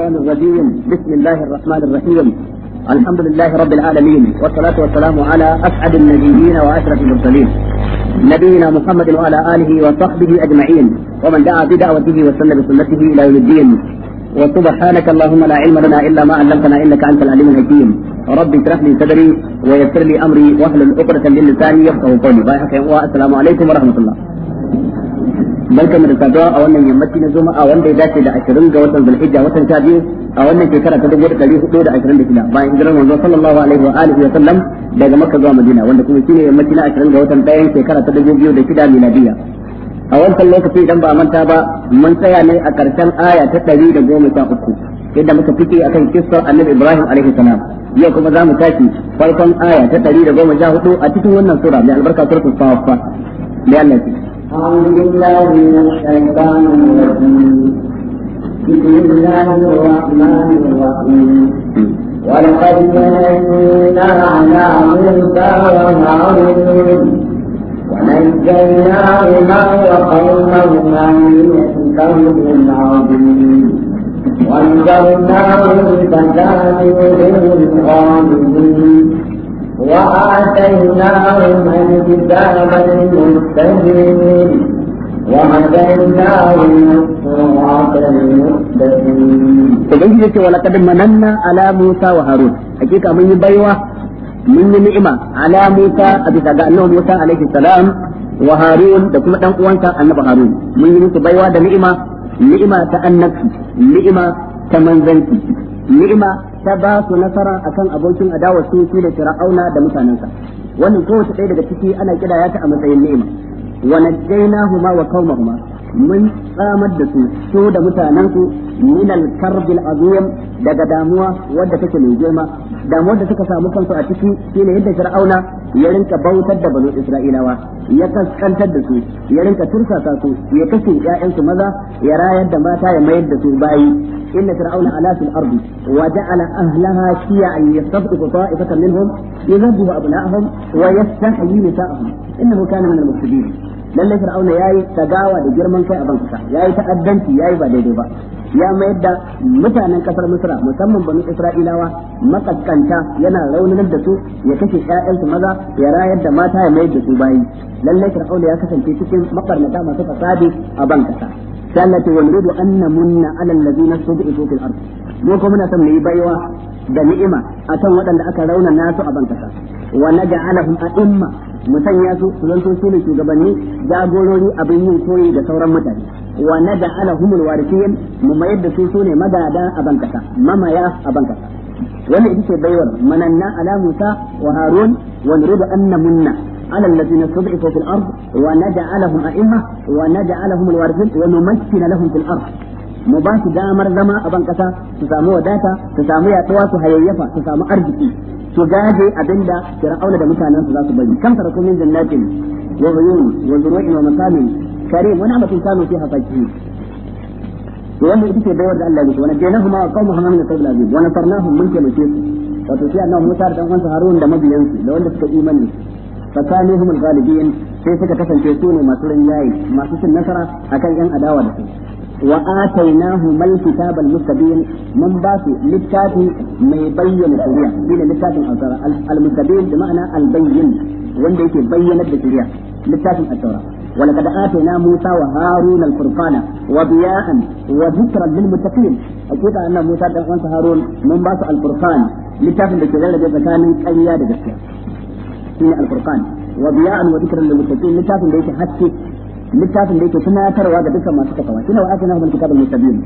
الشيطان الرجيم بسم الله الرحمن الرحيم الحمد لله رب العالمين والصلاة والسلام على أسعد النبيين وأشرف المرسلين نبينا محمد وعلى آله وصحبه أجمعين ومن دعا بدعوته وسلم بسنته إلى يوم الدين وسبحانك اللهم لا علم لنا إلا ما علمتنا إنك أنت العليم الحكيم ربي اشرح لي صدري ويسر لي أمري واحلل عقدة من لساني يفقهوا قولي السلام عليكم ورحمة الله barkamu da saduwa a wannan yammaci na a wanda ya dace da 20 ga watan zulhijja watan sha biyu a wannan shekara ta 1426 bayan hijirar manzo sallallahu alaihi wa alihi wa sallam daga makka zuwa madina wanda kuma shine yammaci na 20 ga watan ɗayan shekara ta 2006 miladiya a wannan lokaci idan ba manta ba mun tsaya ne a karshen aya ta 113 yadda muka fice akan kissar annabi ibrahim alaihi salam yau kuma za mu tashi farkon aya ta 114 a cikin wannan sura mai albarka suratul safa mai Allah أعوذ بالله من الشيطان بسم الله الرحمن الرحيم ولقد مننا على موسى وهارون ونجيناهما وقومهما من الكون العظيم ونجيناهم فكانوا هم الغالبين وآتيناهم الكتاب للمستجيب Ubangiji yake wala kadin mananna ala Musa wa Harun hakika mun yi baiwa mun yi ni'ima ala Musa a bisa ga annabi Musa alaihi salam wa Harun da kuma dan uwansa annabi Harun mun yi musu baiwa da ni'ima ni'ima ta annabi ni'ima ta manzanci ni'ima ta ba su nasara kan abokin adawa su su da fir'auna da mutanensa wannan kowace ɗaya daga ciki ana kira ya ta a matsayin ni'ima wa najjaynahuma wa qaumahuma mun tsamar da su su da mutanen su min al-karbil daga damuwa wadda take mai girma damuwar da suka samu kansu a ciki shine yadda fir'auna ya rinka bautar da banu isra'ilawa ya kaskantar da su ya rinka tursasa su ya kashe ƴaƴan su maza ya rayar da mata ya mayar da su bayi inna fir'auna ala fil ardi wa ja'ala ahlaha shiya'an yastabqu ta'ifatan minhum yadhabu abna'ahum wa yastahyi nisa'ahum innahu kana min al-mufsidin lalle fir'auna yayi tagawa da girman kai a ban kasa yayi ta'addanci yayi ba daidai ba ya mayar da mutanen kasar Misra musamman banu Isra'ilawa makaskanta yana raunar da su ya kashe ƴaƴansu maza ya rayar da mata ya mayar da su bayi lalle fir'auna ya kasance cikin makarnata masu fasadi a bankasa kasa sallatu wa nuridu an namunna ala allazina subi'u fil ard mu kuma muna son mu yi baiwa da ni'ima akan waɗanda aka rauna nasu a ban kasa wa naj'alahum a'imma mu sanya su su zanto su ne shugabanni jagorori abin yin koyi da sauran mutane wa nada ala humul warithiyin mu mayar da su su ne magada a bankasa mamaya a bankasa wani ita ce baiwar mananna ala musa wa harun wa nuridu anna munna على الذين استضعفوا في الأرض ونجعلهم أئمة ونجعلهم الوارثين ونمكن لهم في الأرض mu ba su damar zama a ban kasa su samu wadata su samu yaduwa su hayayyafa su samu arziki su gaje abinda fir'auna da mutanen su za su bari kam farko min jannatin wa uyun wa zuru'in wa masamin karim wani amatin kanu fi hafaki to wanda ita ce bayar da Allah ya wani dena huma qaumuhum min qabl azim wa nasarnahum min kama su wato sai annabi Musa da dan Harun da mabiyansu da wanda suka imani fatanihum al-ghalibin sai suka kasance su ne masu rinjaye masu cin nasara akan yan adawa da su وآتيناهما الكتاب المستبين من باس للكتاب ما يبين الشريعة إلى للكتاب الأوتار المستبين بمعنى البين وانده يكي بينت الشريعة للكتاب الأوتار ولقد آتينا موسى وهارون الفرقان وضياء وذكرا للمتقين أكيد أن موسى وأنس هارون من باس الفرقان للكتاب الشريعة الذي كان قيادة الشريعة الفرقان وضياء وذكرا للمتقين للكتاب الذي حسي littafin da yake tunatarwa ga dukkan masu takawa shine wa atinahu alkitabal mustaqim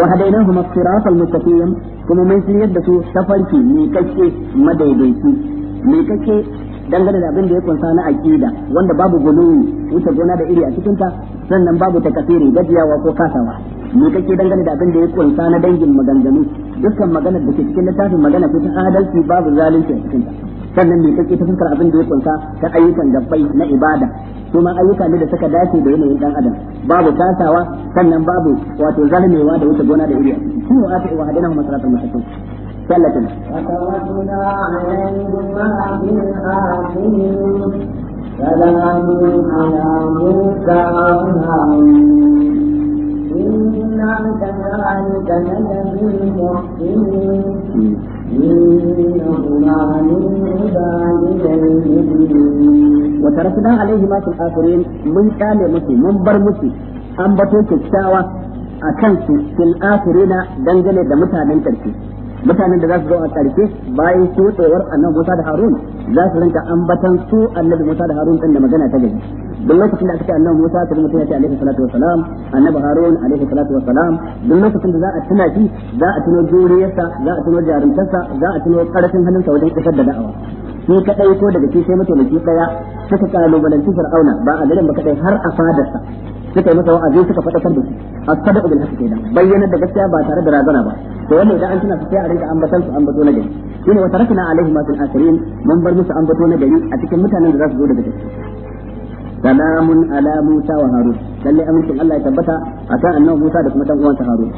wa hadainahu as-siratal mustaqim kuma mun shiryar da su tafarki mai kake madaidaici mai kake dangane da abin da ya kunsa na aqida wanda babu guluwi wuce gona da iri a cikin ta sannan babu takasiri gajiyawa ko kasawa ni kake dangane da abin da ya kunsa na dangin maganganu dukkan magana da ke cikin littafin magana ko ta adalci babu zalunci a cikin ta sannan me kake ta fuskar abin da ya kunsa ta ayyukan gabbai na ibada kuma ayyuka ne da suka dace da yanayin dan adam babu kasawa sannan babu wato zalmewa da wuce gona da iri a cikin shi wa aka wa hadana masaratul سلة فتركنا عليهما في الآخرين سلام على موسى وهارون إنا كذلك نجزي المحسنين إنهما من عبادنا المؤمنين وتركنا عليهما في الآخرين من كان مسلم من بر مسلم أنبتوا كتاوة a kansu fil akhirina dangane da mutanen karshe mutanen da za su zo a karshe bayan shuɗewar annabi Musa da Harun za su rinka ambatan su annabi Musa da Harun din da magana ta gari duk lokacin da aka ce annabi Musa ta mutum ya ce alaihi salatu wassalam annabi Harun alaihi salatu wassalam duk lokacin da za a tuna shi za a tuno juriyarsa za a tuno jarumtarsa za a tuno karfin hannunsa wajen isar da da'awa shi kadai ko daga shi sai mataimaki daya suka kalubalanci fir'auna ba a garin ba kadai har a fadarsa suka yi masa wa'azi suka fadakar da su as-sadaqu bil haqqi kenan bayyana da gaskiya ba tare da razana ba to wannan idan an tuna su sai a rinka ambatan su ambato na gari shine wa tarakna alaihi ma fil akhirin mun bar musu ambato na gari a cikin mutanen da za su zo daga gaske سلام على موسى وهارون harun lalle amincin Allah ya tabbata akan annabi musa da kuma dan uwansa harun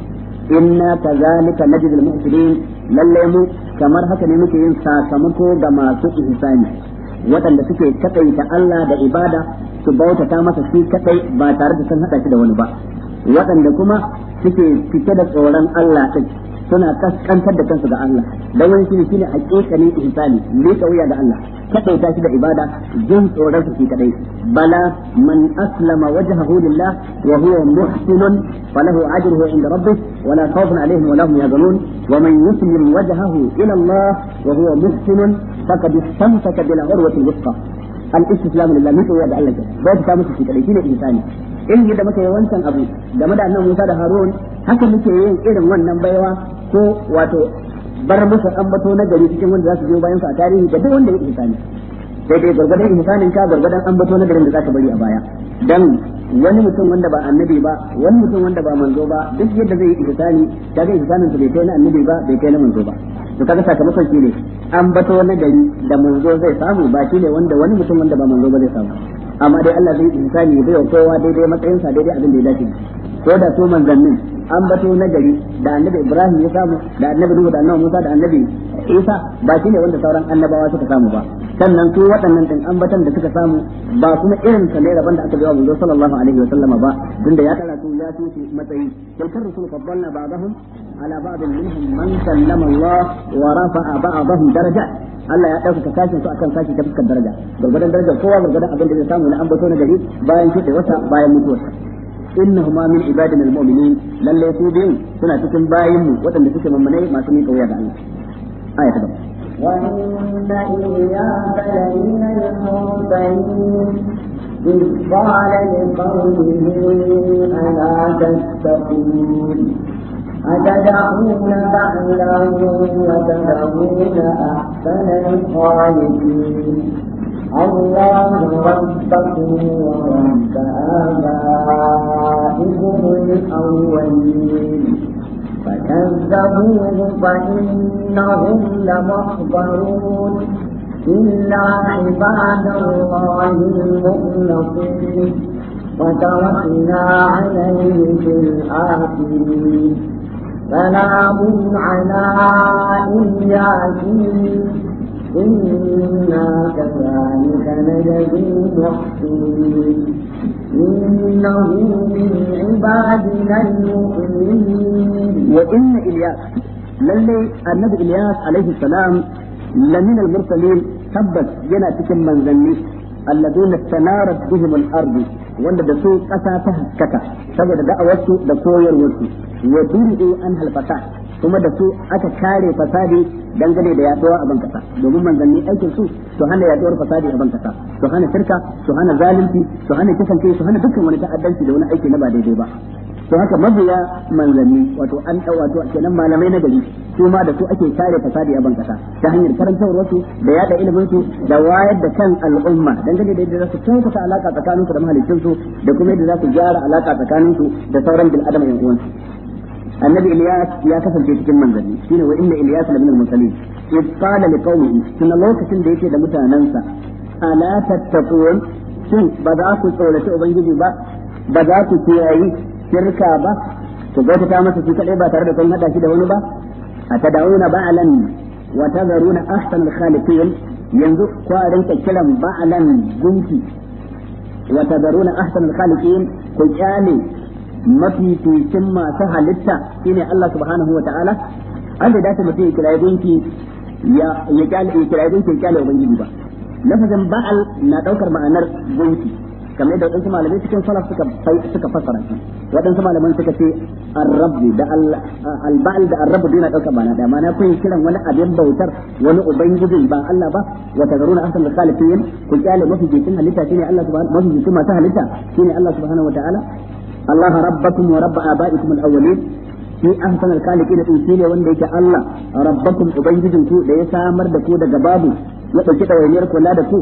inna kazalika najzil muhsinin lallai mu kamar haka ne muke yin sakamako ga masu ihsani waɗanda suke kaɗaita Allah da ibada su bautata masa shi kaɗai ba tare da sun haɗa shi da wani ba waɗanda kuma suke fita da tsoron Allah ɗin suna kaskantar da kansu ga Allah dan wani shine shine hakikanin ihsani ne kauya ga Allah kadaita shi da ibada jin tsoron su kadai bala man aslama wajhahu lillah wa huwa muhsinun falahu ajruhu inda rabbih wa khawfun alaihim wa hum yahzanun wa man yuslim wajhahu ila Allah wa huwa muhsinun faqad istamsaka bil urwati al-wuthqa al-istislamu lillah wa soyayya da Allah ke ba ta musu shi kadai shine insani in yadda muka yawan wancan abu game da annabi Musa da Harun haka muke yin irin wannan baiwa ko wato bar musu ambato na gari cikin wanda za su biyo bayan sa tarihi da duk wanda ya insani sai dai gargadan misalin ka gargadan an bato na garin da zaka bari a baya dan wani mutum wanda ba annabi ba wani mutum wanda ba manzo ba duk yadda zai yi ihsani kaga ihsanin sa bai kai na annabi ba bai kai na manzo ba to kaga sakamakon shi ne an bato na gari da manzo zai samu ba shi ne wanda wani mutum wanda ba manzo ba zai samu amma dai Allah zai insani ya bai wa kowa daidai matsayinsa daidai abin da ya dace ko da su manzannin an bato na gari da annabi Ibrahim ya samu da annabi Nuhu da annabi Musa da annabi Isa ba shi ne wanda sauran annabawa suka samu ba sannan su waɗannan din ambatan da suka samu ba kuma irin sa ne rabon da aka bayar manzo sallallahu alaihi wa sallama ba tunda ya karatu ya tuce matsayi tilkar rasul faddalna ba'dahum على بعض منهم من سلم الله ورفع بعضهم درجات Allah ya ɗauka kashin su akan kashi ta fuskar daraja gurgurdan daraja kowa gurgurdan abin da zai samu na ambato na gari bayan shuɗe wata bayan Inna innahuma min ibadina almu'minin lalle su biyun suna cikin bayin mu waɗanda suke mammanai masu miƙa wuya ga Allah aya ta gaba وإن إياس لمن المرسلين إذ قال لقومه ألا تتقون أتدعون بعلا وتدعون أحسن الخالقين الله ربكم ورب آبائكم الأولين فكذبوه فإنهم لمحضرون إلا عباد الله المخلصين وتركنا عليه في الآخرين سلام على إياسين إنا كذلك نجزي المحسنين إنه من عبادنا المؤمنين وإن إلياس للي النبي إلياس عليه السلام لمن المرسلين ثبت جنا تكن من الذين استنارت بهم الأرض wanda da su ƙasa ta haskaka saboda da'awarsu da koyarwarsu wa duri'u an halfasa kuma da su aka kare fasadi dangane da yaduwa a bankasa domin manzanni aikin su su hana yaduwar fasadi a bankasa su hana shirka su hana zalunci su hana kisan kai su hana dukkan wani ta'addanci da wani aiki na ba daidai ba to haka mabiya manzanni wato an dau wato kenan malamai na gari su ma da su ake kare fasadi a bankasa ta hanyar karantarwar su da yada ilimin su da wayar da kan al'umma dangane da yadda za su kyautata alaka tsakanin su da mahalicin su da kuma yadda za su gyara alaka tsakanin su da sauran bil adam yan annabi Ilyas ya kasance cikin manzanni shine wa inna Ilyas la min al-mursalin id qala liqaumihi tun lokacin da yake da mutanansa ala tattaqun shin ba za ku tsorata ubangiji ba ba za ku kiyayi shirka ba ku bauta masa shi kadai ba tare da kun hada shi da wani ba a ta atad'una ba'lan wa na ahsan al-khaliqin yanzu ku rinka kiran ba'alan gunki wa na ahsan al-khaliqin ku kyale mafificin masu halitta shine Allah subhanahu wa ta'ala an da dace mutum ya kira gunki ya ya kyale ya kira gunki ya kyale ubangiji ba lafazin ba'al na daukar ma'anar gunki kamar yadda waɗansu malamai cikin salaf suka suka fassara shi wadansu malaman suka ce ar da al-ba'l da ar-rabb duna dauka bana da mana kun kiran wani abin bautar wani ubangijin ba Allah ba wa tadaruna ahsan al-khaliqin ku kyale mafi jikin halitta shine Allah subhanahu mafi jikin masu halitta shine Allah subhanahu wa ta'ala Allah rabbakum wa rabb abaikum al-awwalin shi ahsan al-khaliqin din shine wanda yake Allah rabbakum ku da ya samar da ku daga babu ya dauki dawainiyar kula da ku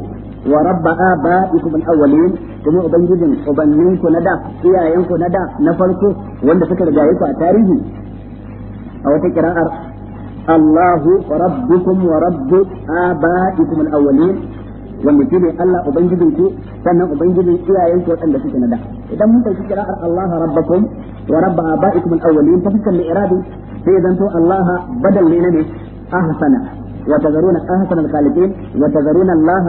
wa rabba abaikum al-awwalin kuma ubangijin ubanninku na da iyayenku na da na farko wanda suka riga ku a tarihi a wata kira'ar Allahu rabbukum wa rabbu abaikum al-awwalin wanda shine Allah ubangijin ku sannan ubangijin iyayenku wanda suke na da idan mun dauki kira'ar Allah rabbakum wa rabb abaikum al-awwalin ta fuskar iradi sai zan to Allah badal ne ne ahsana wa tazaruna ahsana al-khaliqin wa tazaruna Allah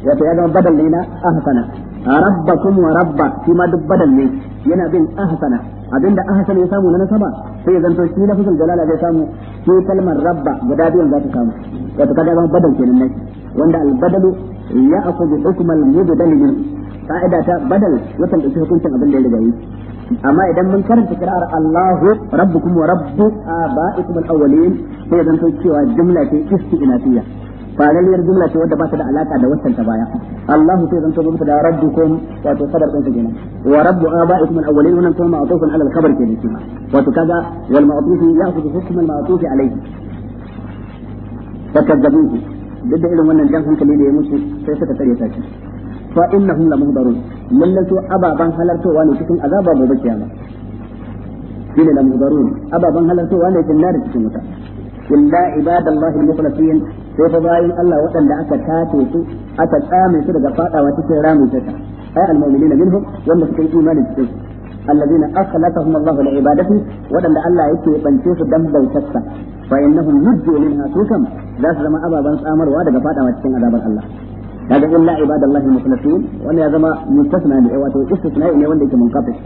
wato ya zama badal ne na ahsana rabba wa rabba shi ma duk badal ne yana bin ahsana abinda ahsan ya samu na nasaba sai ya zanto shi lafazul jalala zai samu shi kalmar rabba guda biyan za ta samu wato kaga zama badal kenan ne wanda al badalu ya'khudhu hukm al mubdal min fa'ida ta badal wata dauki hukuncin abin da ya yi amma idan mun karanta kirar Allahu rabbukum wa rabbu abaikum al awwalin sai ya zanto cewa jumla ce isti'nafiyya farariyar jumla ce wadda ba ta da alaka da waccan ta baya Allahu sai zan tobe da rabbukum wato sadar din su kenan wa rabbu abaikum al-awwalin wannan kuma ma'tufun ala al-khabar kenan shi wato kaga wal ma'tuf ya'khudhu hukm al-ma'tuf alayhi fakadzabuhu duk da irin wannan jan hankali da ya mutu sai suka tsare ta shi fa innahum la muhdarun lallan to ababan halartowa ne cikin azaba gobe kiyama shine la muhdarun ababan halartowa ne cikin nar cikin wuta illa ibadallahi al-mukhlasin sai fa bayan Allah waɗanda aka tace su aka tsame su daga fadawa cikin ramin shirka ay almu'minina minhum wanda suka yi imani cikin الذين أخلصهم الله لعبادته ودن الله يكي يبنشيس دم بل شسا فإنهم يجوا منها سوكم ذات زما أبا بنس آمر وادق فاتا واتشن عذاب الله هذا إلا عباد الله المخلصين وأن يا زما مستثنى لعواته استثناء إلي وندك منقطع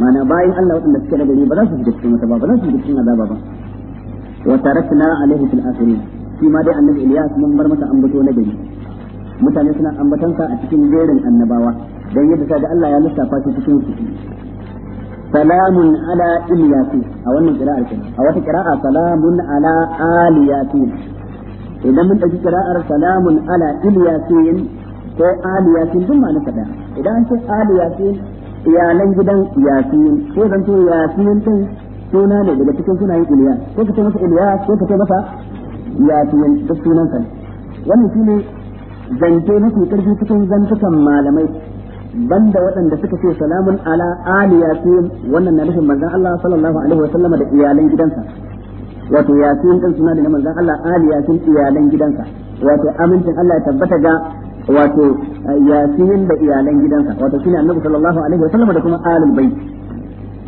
ma'ana bayan Allah waɗanda suke da gari ba za su shiga cikin wata ba ba za su shiga cikin azaba ba wa tarakna alaihi fil akhirin shi ma dai annabi Ilyas mun bar masa ambato na gari mutane suna ambatansa a cikin jerin annabawa dan yadda sai da Allah ya lissafa shi cikin su salamun ala ilyasi a wannan qira'ar kin a wata qira'a salamun ala aliyati idan mun dauki qira'ar salamun ala ilyasin ko aliyasin duk ma'anar kada idan an ce aliyasin iyalan gidan yasin ko zan to yasin din suna ne daga cikin sunayen iliyas ko ka ce masa iliyas ko ka ce masa ya tuyanci ta sunansa ne wannan shi ne zance mafi karfi cikin zantukan malamai banda waɗanda suka ce salamun ala ali yasin wannan na nufin manzon Allah sallallahu alaihi wa sallama da iyalan gidansa wato yasin din suna da manzon Allah ali yasin iyalan gidansa wato amincin Allah ya tabbata ga wato yasin da iyalan gidansa wato shine annabi sallallahu alaihi wa sallama da kuma alul bait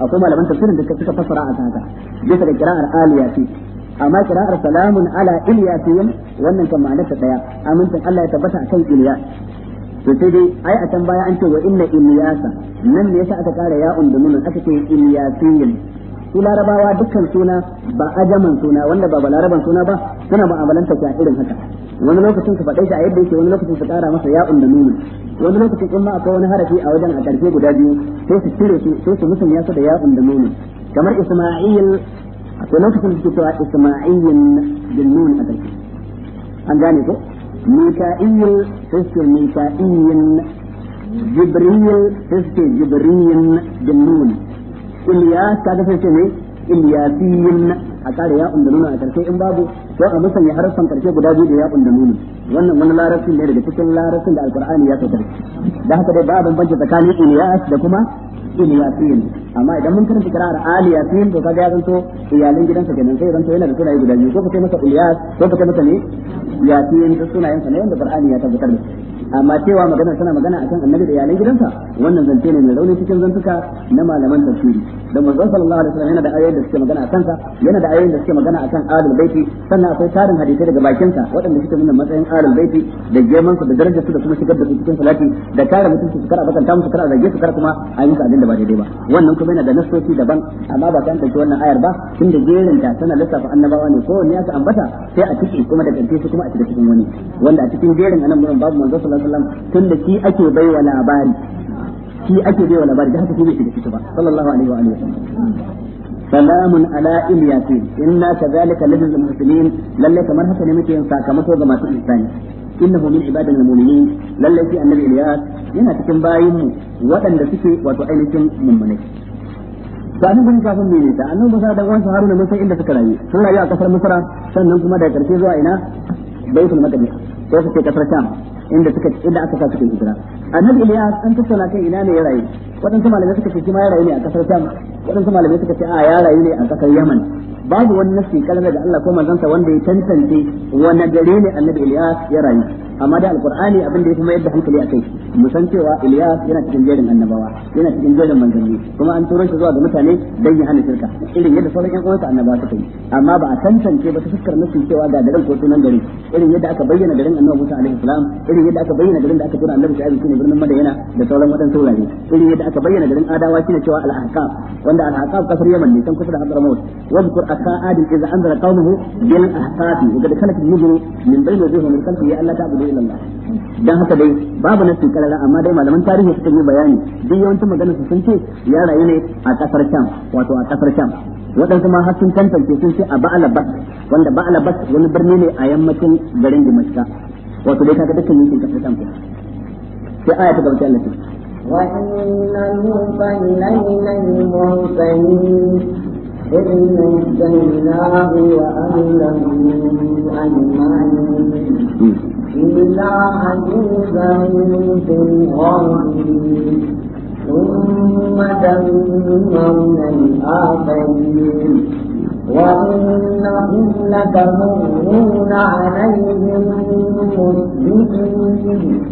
akwai malaman tafsirin da suka fassara a haka bisa da kira'ar ali yasin amma kira'ar salamun ala ilyasin wannan kan ma'anarsa daya amincin Allah ya tabbata akan ilyas to sai dai ai a can baya an ce wa inna ilyasa nan ne yasa aka kara ya'un da nunun aka ce ilyasin su larabawa dukkan suna ba ajaman suna wanda ba balaraban suna ba suna mu'amalanta ta irin haka wani lokacin su faɗe shi a yadda yake wani lokacin su ƙara masa ya da nunun wani lokacin in ma akwai wani harafi a wajen a ƙarfe guda biyu sai su cire su sai su musulmiya su da ya da nunun kamar isma'il to lokacin da suke cewa isma'iyyin bin nun a ƙarshe an gane ko mika'iyyin sai suke mika'iyyin jibriyyin sai suke jibriyyin bin nun iliyas kaga sai suke ne iliyasiyyin a ƙara ya da nuna a ƙarshe in babu to a ya harafan ƙarshe guda biyu da ya da nuna wannan wani larabcin ne daga cikin larabcin da alƙur'ani ya saukar da haka dai ba banki tsakanin iliyas da kuma iliyasin amma idan mun karanta kirar aliyasin to kaga ya zanto iyalin gidansa kenan sai zanto yana da sunaye guda biyu ko ka kai masa iliyas ko ka kai masa ne yasin da sunayen sa ne da qur'ani ya tabbatar da amma cewa magana tana magana akan annabi da iyalan gidansa wannan zance ne mai rauni cikin zantuka na malaman tafsiri don manzon sallallahu alaihi wasallam yana da ayoyin da suke magana akan sa yana da ayoyin da suke magana akan ahlul baiti sannan akwai tarin hadisai daga bakin sa waɗanda suke nuna matsayin ahlul baiti da girman su da darajar su da kuma shigar da su cikin salati da kare mutum su kara bakanta musu kara zage su kara kuma a yi abin da ba daidai ba wannan kuma yana da nasoci daban amma ba kan ɗauki wannan ayar ba tunda jerinta tana lissafa annabawa ne ko ne aka ambata sai a ciki kuma da ƙarfi su kuma a cikin wani wanda a cikin jerin anan babu manzon sallallahu wasallam tunda shi ake baiwa labari shi ake baiwa labari da haka shi bai shiga ciki ba sallallahu alaihi wa alihi wasallam سلام على الياسين إنا كذلك لجز المحسنين للي كمان حتى نمكي ينسى كما توقع ما تقل wato من عبادنا المؤمنين للي في النبي إلياس ينا تكن باين وأن تكي وتعينكم من منك sanin kun kafin ta da Haruna mun san inda suka rayu sun rayu a kasar Misra sannan kuma da karshe zuwa ina Baitul Maqdis ko suke kasar Sham inda suka inda aka sa suka hijira annabi iliyas an tattauna kan ina ne ya rayu wadansu malamai suka ce shi ma ya rayu ne a kasar Sham waɗansu malamai suka ce a ya rayu ne a ƙasar yaman babu wani nasi kalar daga Allah ko manzansa wanda ya tantance wani gare ne annabi Ilyas ya rayu amma da alqur'ani abin da ya kuma yadda hankali a kai mu san cewa Ilyas yana cikin jerin annabawa yana cikin jerin manzanni kuma an turo shi zuwa ga mutane dan ya hana shirka irin yadda sauran ƴan uwansa annabawa suka yi amma ba a tantance ba ta fuskar nasi cewa ga garin ko sunan gari irin yadda aka bayyana garin annabi Musa alaihi salam irin yadda aka bayyana garin da aka tura annabi Shu'aib shine birnin Madina da sauran waɗansu wurare irin yadda aka bayyana garin Adawa shine cewa al-ahqaf wanda al-aqab kasar yaman ne can kusa da hadramaut wa zkur aka adin idza anzara qaumahu bil ahqabi wa kad kanat yujri min bayni zuhum min kalfi ya Allah ta'budu illa Allah dan haka dai babu nasu karara amma dai malaman tarihi suka yi bayani duk yawancin maganar su sun ce ya rayu ne a kasar Sham wato a kasar Sham waɗansu ma har sun tantance sun ce a baala bas wanda baala bas wani birni ne a yammacin garin Dimashka wato dai kaga dukkan yankin kasar Sham sai aya ta gaba ta Allah وإن المرسلين المرسلين إذ نجيناه وأهله أجمعين إلا عجوزا في الغابرين ثم دمرنا الآخرين وإنهم لتمرون عليهم مسلمين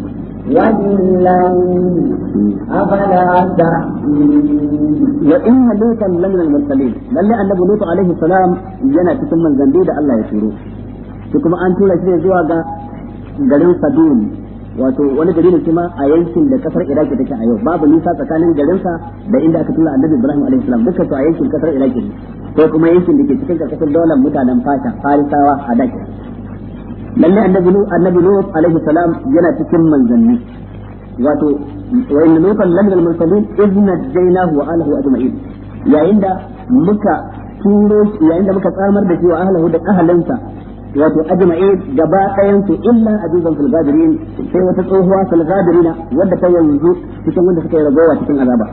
وإن لوطا لمن المرسلين لله أن أبو لوط عليه السلام ينا تكون من ذنبي الله يشيره kuma an tura shi zuwa ga garin Sadum wato wani gari ne kuma a yankin da kasar Iraki take a yau babu nisa tsakanin garinsa da inda aka tura Annabi Ibrahim alaihi salam dukkan to a yankin kasar Iraki ko kuma yankin da ke cikin kasar daular mutanen fata Farisawa a Daki lalle annabi nu annabi nu alaihi salam yana cikin manzanni wato wa inna lutan lamina al-mursalin izna jainahu wa ahlihi ajma'in yayin da muka turo yayin da muka tsamar da shi wa ahlihi da ahalansa wato ajma'in gaba ɗayan su illa azizan fil gadirin sai wata tsohuwa fil gadirina wanda ta yanzu cikin wanda suka yi ragowa cikin azaba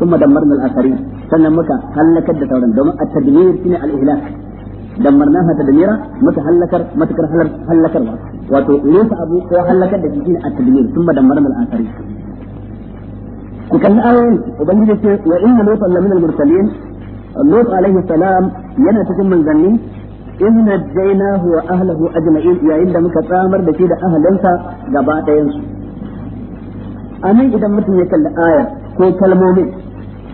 ثم دمرنا الاخرين sannan muka halakar da sauran domin at-tadmir shine al-ihlak dammarna hata da mira mata halakar matakar halakar wato rusa abu ko halakar da jikin a tadmir sun da dammarna al'asari ku kalli ayoyin ubangiji ce wa inna lutan lamin al-mursalin lut alaihi salam yana cikin manzanni in najaynahu wa ahlihi ajma'in yayin da muka tsamar da shi da ahalinsa gaba ɗayan su anan idan mutum ya kalli ayar ko kalmomin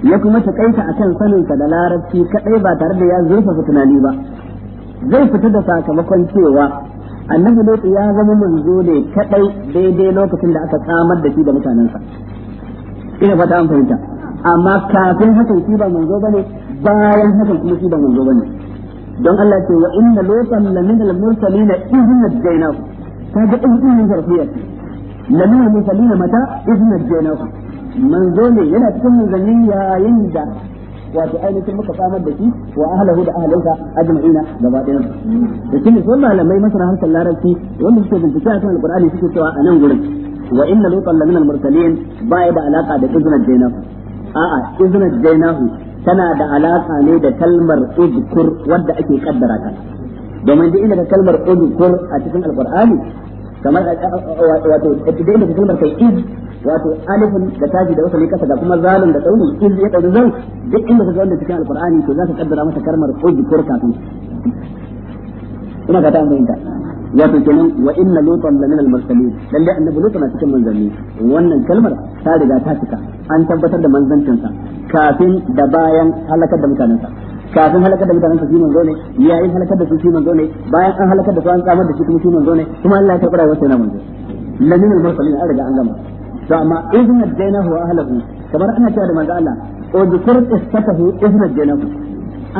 ya kuma ta takaita akan saninsa da larabci kadai ba tare da ya zurfafa tunani ba zai fita da sakamakon cewa annabi Lutu ya zama manzo ne kadai daidai lokacin da aka tsamar da shi da mutanensa ina fata an fahimta amma kafin hakan shi ba manzo bane bayan hakan kuma shi ba manzo bane don Allah ce wa inna lutan la min al mursalin idh ta ga in in zarfiya ce la min al mursalina mata idh najaynahu manzo ne yana cikin manzanni yayin da wato ainihin muka samar da shi wa ahlahu da ahlanka ajma'ina gaba ɗayan da kin sun malamai masana harshen larabci wanda suke bincike akan alqur'ani suke cewa a nan gurin wa inna lutan min al-mursalin ba ya da alaka da iznat jainahu a'a iznat jainahu tana da alaka ne da kalmar udkur wadda ake kaddara ta domin duk inda kalmar udkur a cikin alqur'ani kamar wato duk inda kalmar kai wato alifin da taji da wasali kasa ga kuma zalim da tsauni in ya dauki zan duk inda ka ga wanda cikin alqur'ani to za ka kaddara masa karmar ko kafin ina ga ta mun wato kenan wa inna lutan la min al mursalin lalle annabi lutan a cikin manzanni wannan kalmar ta riga ta cika an tabbatar da manzancin sa kafin da bayan halakar da mutanen sa kafin halakar da mutanen sa shi manzo ne yayin halakar da su shi manzo ne bayan an halakar da su an tsamar da shi kuma shi manzo ne kuma Allah ya karɓa wasu sa yana manzo la min al mursalin an riga an gama to amma izn jainahu wa kamar ana cewa da manzo Allah o zikr istatahu izn jainahu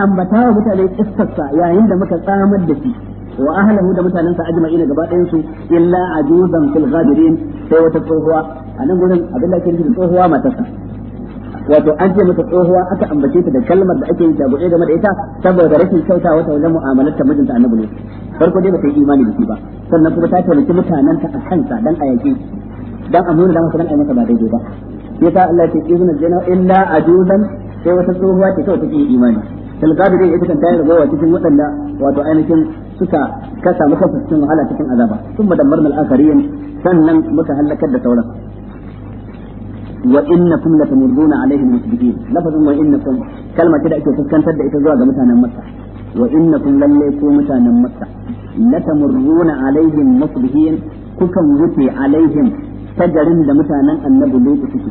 ambata wa mutane istarsa yayin da muka tsamar da shi wa ahlihi da mutanensa ajma'ina gaba ɗayan su illa ajuzan fil ghabirin sai wata tsohuwa a nan abin da tsohuwa wato an ce mata tsohuwa aka ambace ta da kalmar da ake yi jagore game da ita saboda rashin kyauta wata wajen mu'amalar ta mijinta annabi ne farko dai ta yi imani da shi ba sannan kuma ta taimaki mutanen ta a kansa dan a yake dan a nuna dama masa dan ai masa ba daidai ba yasa Allah ce izna jana illa ajuzan sai wata tsohuwa ce kawai take imani talqadu dai ita kan tayar rawa cikin waɗanda wato ainihin suka kasa samu kansu cikin wahala cikin azaba sun madammarna al akariyan sannan muka halakar da sauran wa innakum latamurruna alaihim musbihin lafazin wa innakum kalma ce da ake fuskantar da ita zuwa ga mutanen Makka wa innakum lalle ko mutanen Makka latamurruna alaihim musbihin kukan wuce alaihim ta garin da mutanen annabi lutu suke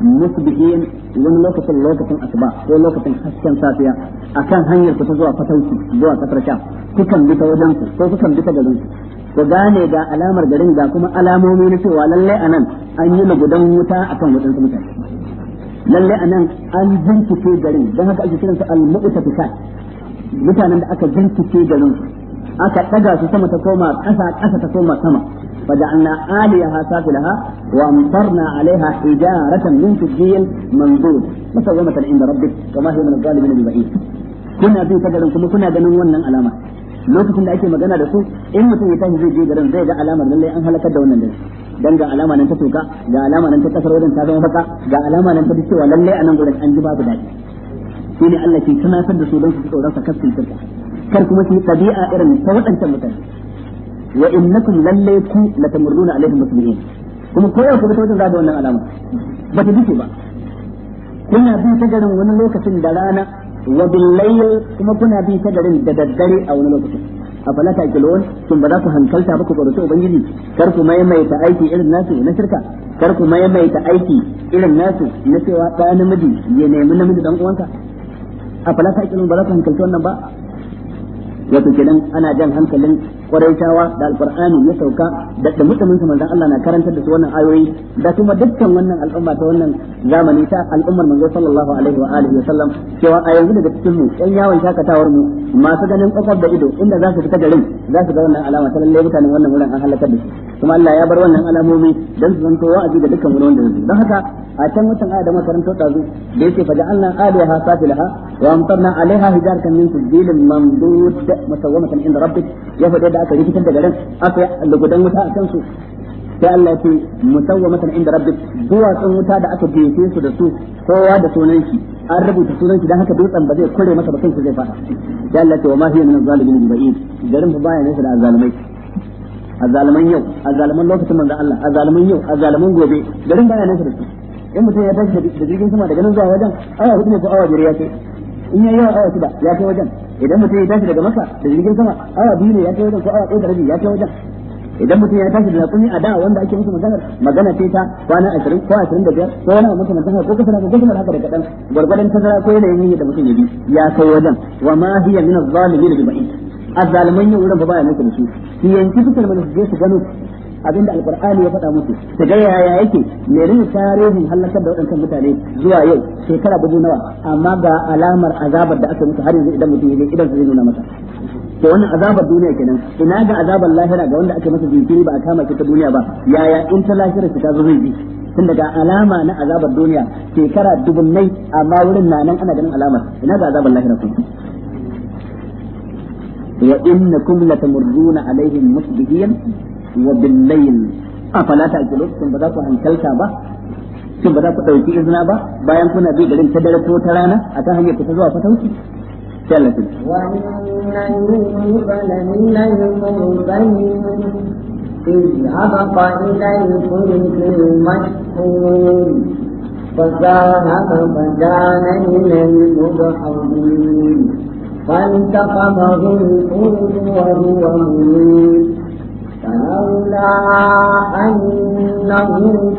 musbihin wani lokacin lokacin asuba ko lokacin hasken safiya akan hanyar ku ta zuwa fatauci zuwa kasar sha kukan bi ta wajen ku ko kukan bi ta garin ku ku gane ga alamar garin ga kuma alamomi na cewa lallai anan an yi lugudan wuta akan waɗansu mutane lallai anan an bincike garin don haka ake kiransu al-mu'tafikat mutanen da aka bincike garin su aka daga su sama ta koma ƙasa ƙasa ta koma sama فجعلنا عاليها سافلها وامطرنا عليها حجارة من سجيل منضود مسومة عند ربك وما هي من الظالمين ببعيد كنا في سجل كما كنا ganin wannan alama lokacin da ake magana da su in mutum ya tashi zai je garin zai ga alamar lalle an halakar da wannan din dan ga alama nan ta toka ga alama nan ta kasar wajen ta zama baka ga alama nan ta cewa lalle a nan gurin an ji babu daɗi shine Allah ke tunatar da su don su tsoron sa kaskin turka kar kuma su yi tabi'a irin ta waɗancan mutane wa innakum lalle ku latamurruna alaihim muslimin kuma ko yau kuma ta wajen zaga wannan alama ba ta dace ba kuna bi ta garin wani lokacin da rana wa billayl kuma kuna bi ta garin da daddare a wani lokacin a fala ta kilon kun ba za ku hankalta ba ku tsoraci ubangiji kar ku maimaita aiki irin nasu na shirka kar ku maimaita aiki irin nasu na cewa ɗa namiji ya nemi namiji dan uwanka a fala ta kilon ba za ku hankalta wannan ba wato kenan ana jan hankalin ƙwaraitawa da alƙur'ani ya sauka da da mutumin sa manzon Allah na karantar da su wannan ayoyi da kuma dukkan wannan al'umma ta wannan zamani ta al'ummar manzo sallallahu alaihi wa alihi wa sallam cewa a yanzu daga cikin mu ɗan yawon shakatawar mu masu ganin ƙofar da ido inda za su fita garin za su ga wannan alama ta lalle mutanen wannan wurin an halakar da su kuma Allah ya bar wannan alamomi dan zan to wa'azi da dukkan wani wanda zai don haka a can watan aya da makarantar dazu da yake fa ja'alna aliha safilaha wa amtarna alaiha hijaratan min sijilin mamdud musawwamatan inda rabbik ya fada da aka rikitar da garin aka lugudan wuta a kansu sai Allah ya ce musawwamatan inda rabbik duwatsun wuta da aka jefe su da su kowa da sunan shi an rubuta sunan shi dan haka dutsen ba zai kure masa ba kansa zai fada sai Allah ce wa ma hiya min zalimin ba'id garin ba ya nasa da zalimai azzaluman yau azzaluman lokacin manzon Allah azzaluman yau azzaluman gobe garin baya nan sarki in mutum ya tashi da jirgin sama daga nan zuwa wajen awa hudu ne ko awa biyar ya ce in ya yawa awa shida ya kai wajen idan mutum ya tashi daga masa da jirgin sama awa biyu ne ya kai wajen ko awa ɗaya da rabi ya kai wajen idan mutum ya tashi da natsuni a da wanda ake musu maganar magana ce ta kwana ashirin ko ashirin da biyar ko wani mutum mutum ko kusa ko kusa haka da kaɗan gwargwadon tazara ko yanayin da mutum ya bi ya kai wajen wa ma hiya min zalimin bi ba'id azzaliman yau wurin ba baya muku su su yanki sukan mana su je su gano da alkur'ani ya faɗa musu su ga yaya yake me rin tarihin halakar da waɗancan mutane zuwa yau shekara bugu nawa amma ga alamar azabar da aka musu har yanzu idan mutum ya idan idan zai nuna masa to wannan azabar duniya kenan ina ga azabar lahira ga wanda ake masa jinkiri ba a kama shi ta duniya ba yaya in ta lahira shi ta zo zai bi tun daga alama na azabar duniya shekara dubunnai amma wurin na nan ana ganin alamar ina ga azabar lahira kuma وإنكم لتمرون عليهم مشبهين وبالليل أفلا آه، تأكلون ثم بدأت أن تلتا ثم بدأت أن توتي إذنا با با ينكونا بي قلن تدرت وطلانا أتا هم يبتزوا فتوتي تلتا وإن النور لمن المبين إذ أبقى إلى الفلك المشحون فذهب فجان إلى المبحرين فانتقمه الحوت وهو مليم فلولا أنه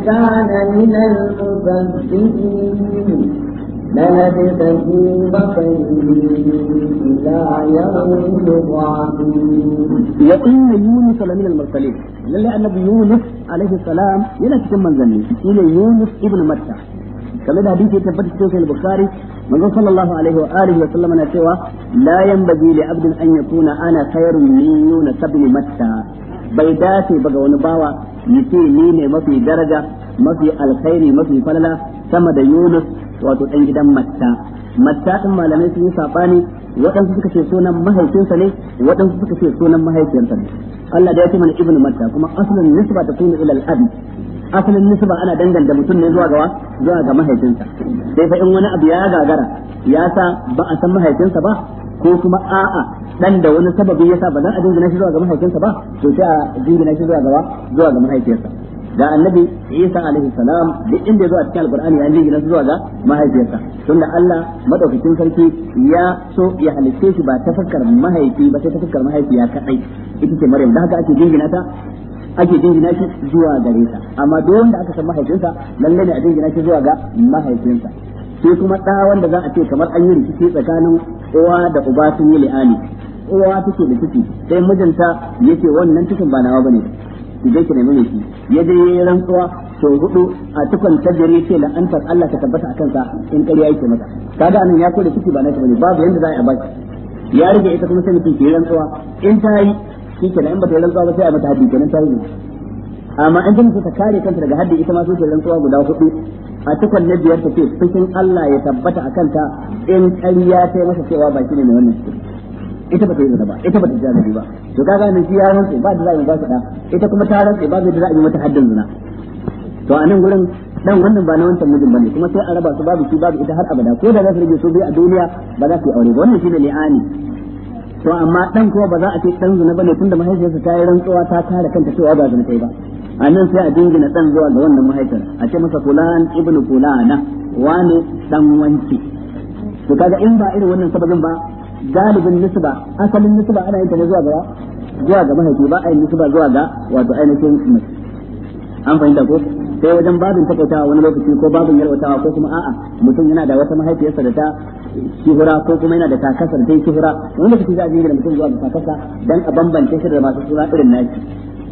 كان من المسبحين للبث في بطنه يوم يبعثون يقين يونس لمن المرسلين لان النبي يونس عليه السلام يلا تكون من إلى يونس ابن مكه kamar da hadisi ya tabbata cikin sahih bukhari manzo sallallahu alaihi wa alihi wa sallam na cewa la yanbaghi li abdin an yakuna ana khairun min yuna sabni matta bai dace ba ga wani bawa yace ni ne mafi daraja mafi alkhairi mafi falala sama da yunus wato dan gidan matta matta din malamai sun yi sabani waɗansu suka ce sunan mahaifinsa ne waɗansu suka ce sunan mahaifiyarsa ne Allah da ya ce mana ibnu matta kuma asalin nisba ta tunu ila al-abi asalin nisba ana danganta mutum ne zuwa gawa zuwa ga mahaifinsa sai fa in wani abu ya gagara ya sa ba a san mahaifinsa ba ko kuma a'a dan da wani sababi ya sa ba dan a dangana shi zuwa ga mahaifinsa ba to sai a dangana shi zuwa gawa zuwa ga mahaifiyarsa da annabi Isa alaihi salam duk inda zuwa cikin alqur'ani ya shi zuwa ga mahaifiyarsa tunda Allah madaukakin sarki ya so ya halitte shi ba ta fakar mahaifi ba sai ta mahaifi mahaifiya kadai ita ce Maryam da haka ake jingina ta ake jingina shi zuwa gare sa amma duk wanda aka san mahaifinsa lalle ne a jingina shi zuwa ga mahaifinsa sai kuma da wanda za a ce kamar an yi rikici tsakanin uwa da uba sun yi li'ani uwa take da ciki sai mijinta yake wannan cikin ba nawa bane ki je ki nemi shi ya dai rantsuwa to hudu a tukan tajiri ce la'antar Allah ta tabbata akan sa in ƙarya yake mata kaga anan ya ko da ciki ba na bane babu yanda za a baki ya rige ita kuma sai mutum ke rantsuwa in ta yi shikenan in ba ta yi rantsuwa ba sai a mata haddi kenan ta yi amma in ta ta kare kanta daga haddi ita ma sai ta rantsuwa guda hudu a cikin na biyar ta ce fushin Allah ya tabbata a kanta in ƙarya yi masa cewa ba shi ne mai wannan ita ba ta yi ba ita ba ta jami'i ba to kaga nan shi ya rantsu ba da za a yi ba su da ita kuma ta rantsu ba da za a yi mata haddin zina to a nan gurin dan wannan ba na wancan mijin bane kuma sai a raba su babu shi babu ita har abada ko da za su rage su bai a duniya ba za su yi aure ba wannan ne li'ani to amma dan kuma ba za a ce dan zina bane tunda mahaifiyarsa ta yi rantsuwa ta kare kanta cewa ba zina kai ba a nan sai a dingina dan zuwa ga wannan mahaifin a ce masa fulan ibnu fulana wani dan wanki to kaga in ba irin wannan sababin ba galibin nisba asalin nisba ana yin ta ne zuwa ga zuwa ga mahaifi ba a yin nisba zuwa ga wato ainihin mace an fahimta ko ko wajen babin takaitawa wani lokaci ko babin yarwatawa ko kuma a'a mutum yana da wata mahaifiyarsa da ta kihura ko kuma yana da kakarsa da ta yi kihura wani lokaci za a je mutum zuwa ga kakarsa dan a bambance shi da masu sura irin naki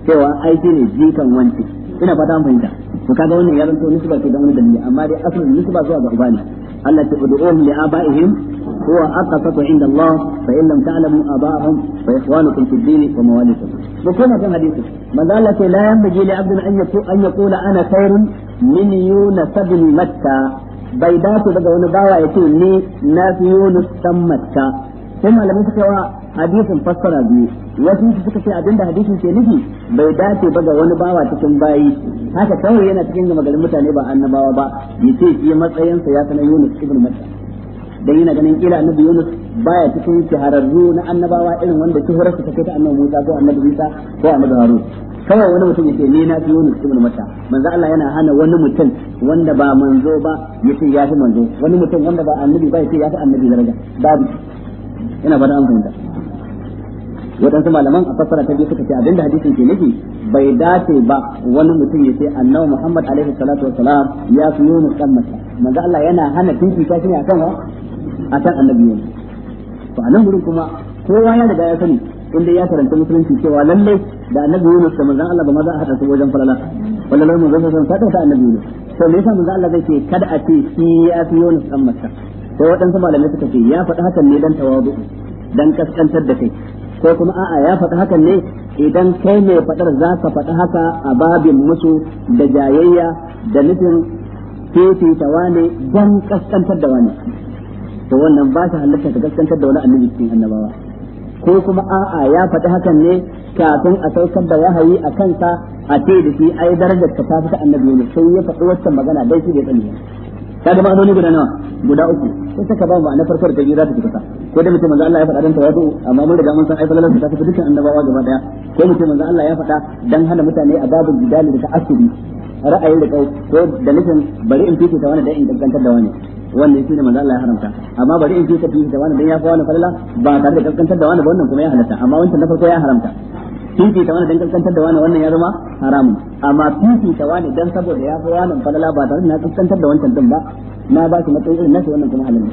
cewa aiki ne jikan wanci ina fata mun fahimta to kaga wannan yaron to nisba ce dan wani dalili amma dai asalin nisba zuwa ga uba ne التي ادعوهم لآبائهم هو أقصط عند الله فإن لم تعلموا آباءهم فإخوانكم في الدين ومواليكم بكما كان حديثه من قال لك لا ينبغي لعبد أن يقول أنا خير من يونس بن مكة بيدات daga wani bawa ya ce ni na fi yunus dan makka sai malamai suka wa hadisin fassara biyu wasu su suka ce abinda hadisin ke nufi bai dace ba ga wani bawa cikin bayi haka kawai yana cikin gama garin mutane ba annabawa ba yace shi matsayinsa ya sanar Yunus ibn Matta dan yana ganin kila annabi Yunus baya cikin shahararru na annabawa irin wanda shi ta kai ta annabi Musa ko annabi Isa ko annabi Harun kawai wani mutum yace ni na fi Yunus ibn Matta manzo Allah yana hana wani mutum wanda ba manzo ba yace ya fi manzo wani mutum wanda ba annabi ba yace ya fi annabi daraja babu Yana ba da an fahimta waɗansu malaman a fassara ta biyu suka ce abinda hadisin ke nufi bai dace ba wani mutum ya ce annabi Muhammad alaihi salatu wassalam ya fi Yunus kan masa manzo Allah yana hana fifita shi ne akan wa akan annabi Yunus to anan gurin kuma kowa ya riga ya sani in dai ya karanta musulunci cewa lalle da annabi Yunus da manzo Allah ba ma za a hada su wajen falala wallahi manzo Allah sai ta annabi Yunus to me yasa manzo Allah zai ce kada a ce shi ya fi Yunus kan masa ko waɗansu malamai suka ce ya faɗi hakan ne dan tawadu dan kaskantar da kai ko kuma a'a ya faɗi hakan ne idan kai mai faɗar za ka faɗi haka a babin musu da jayayya da nufin fifita wane dan kaskantar da wani to wannan ba shi halitta ka kaskantar da wani annabi cikin annabawa ko kuma a'a ya faɗi hakan ne kafin a saukar da wahayi a kansa a ce da shi ai darajar ka ta fi ta annabi ne sai ya faɗi wacce magana dai shi bai sani kaga ma'anoni guda nawa guda uku sai saka ba ma'ana farfar da za ta fi kasa ko da mutum manzo Allah ya faɗa dan tawadu amma mun riga mun san aifal lalata ta fi dukkan annabawa gaba daya ko mutum manzo Allah ya faɗa dan hana mutane a babu jidali da ta'assubi ra'ayi da kai ko da nufin bari in ta wani da in gaggantar da wani wannan shine manzo Allah ya haramta amma bari in fifita ta wani dan ya fa wani falala ba tare da gaggantar da wani ba wannan kuma ya halatta amma wancan na farko ya haramta ta wani dan kankantar da wani wannan ya zama haramun amma ta wani dan saboda ya fi wani falala ba tare da na kankantar da wancan din ba na ba shi matsayin irin nasa wannan kuma halin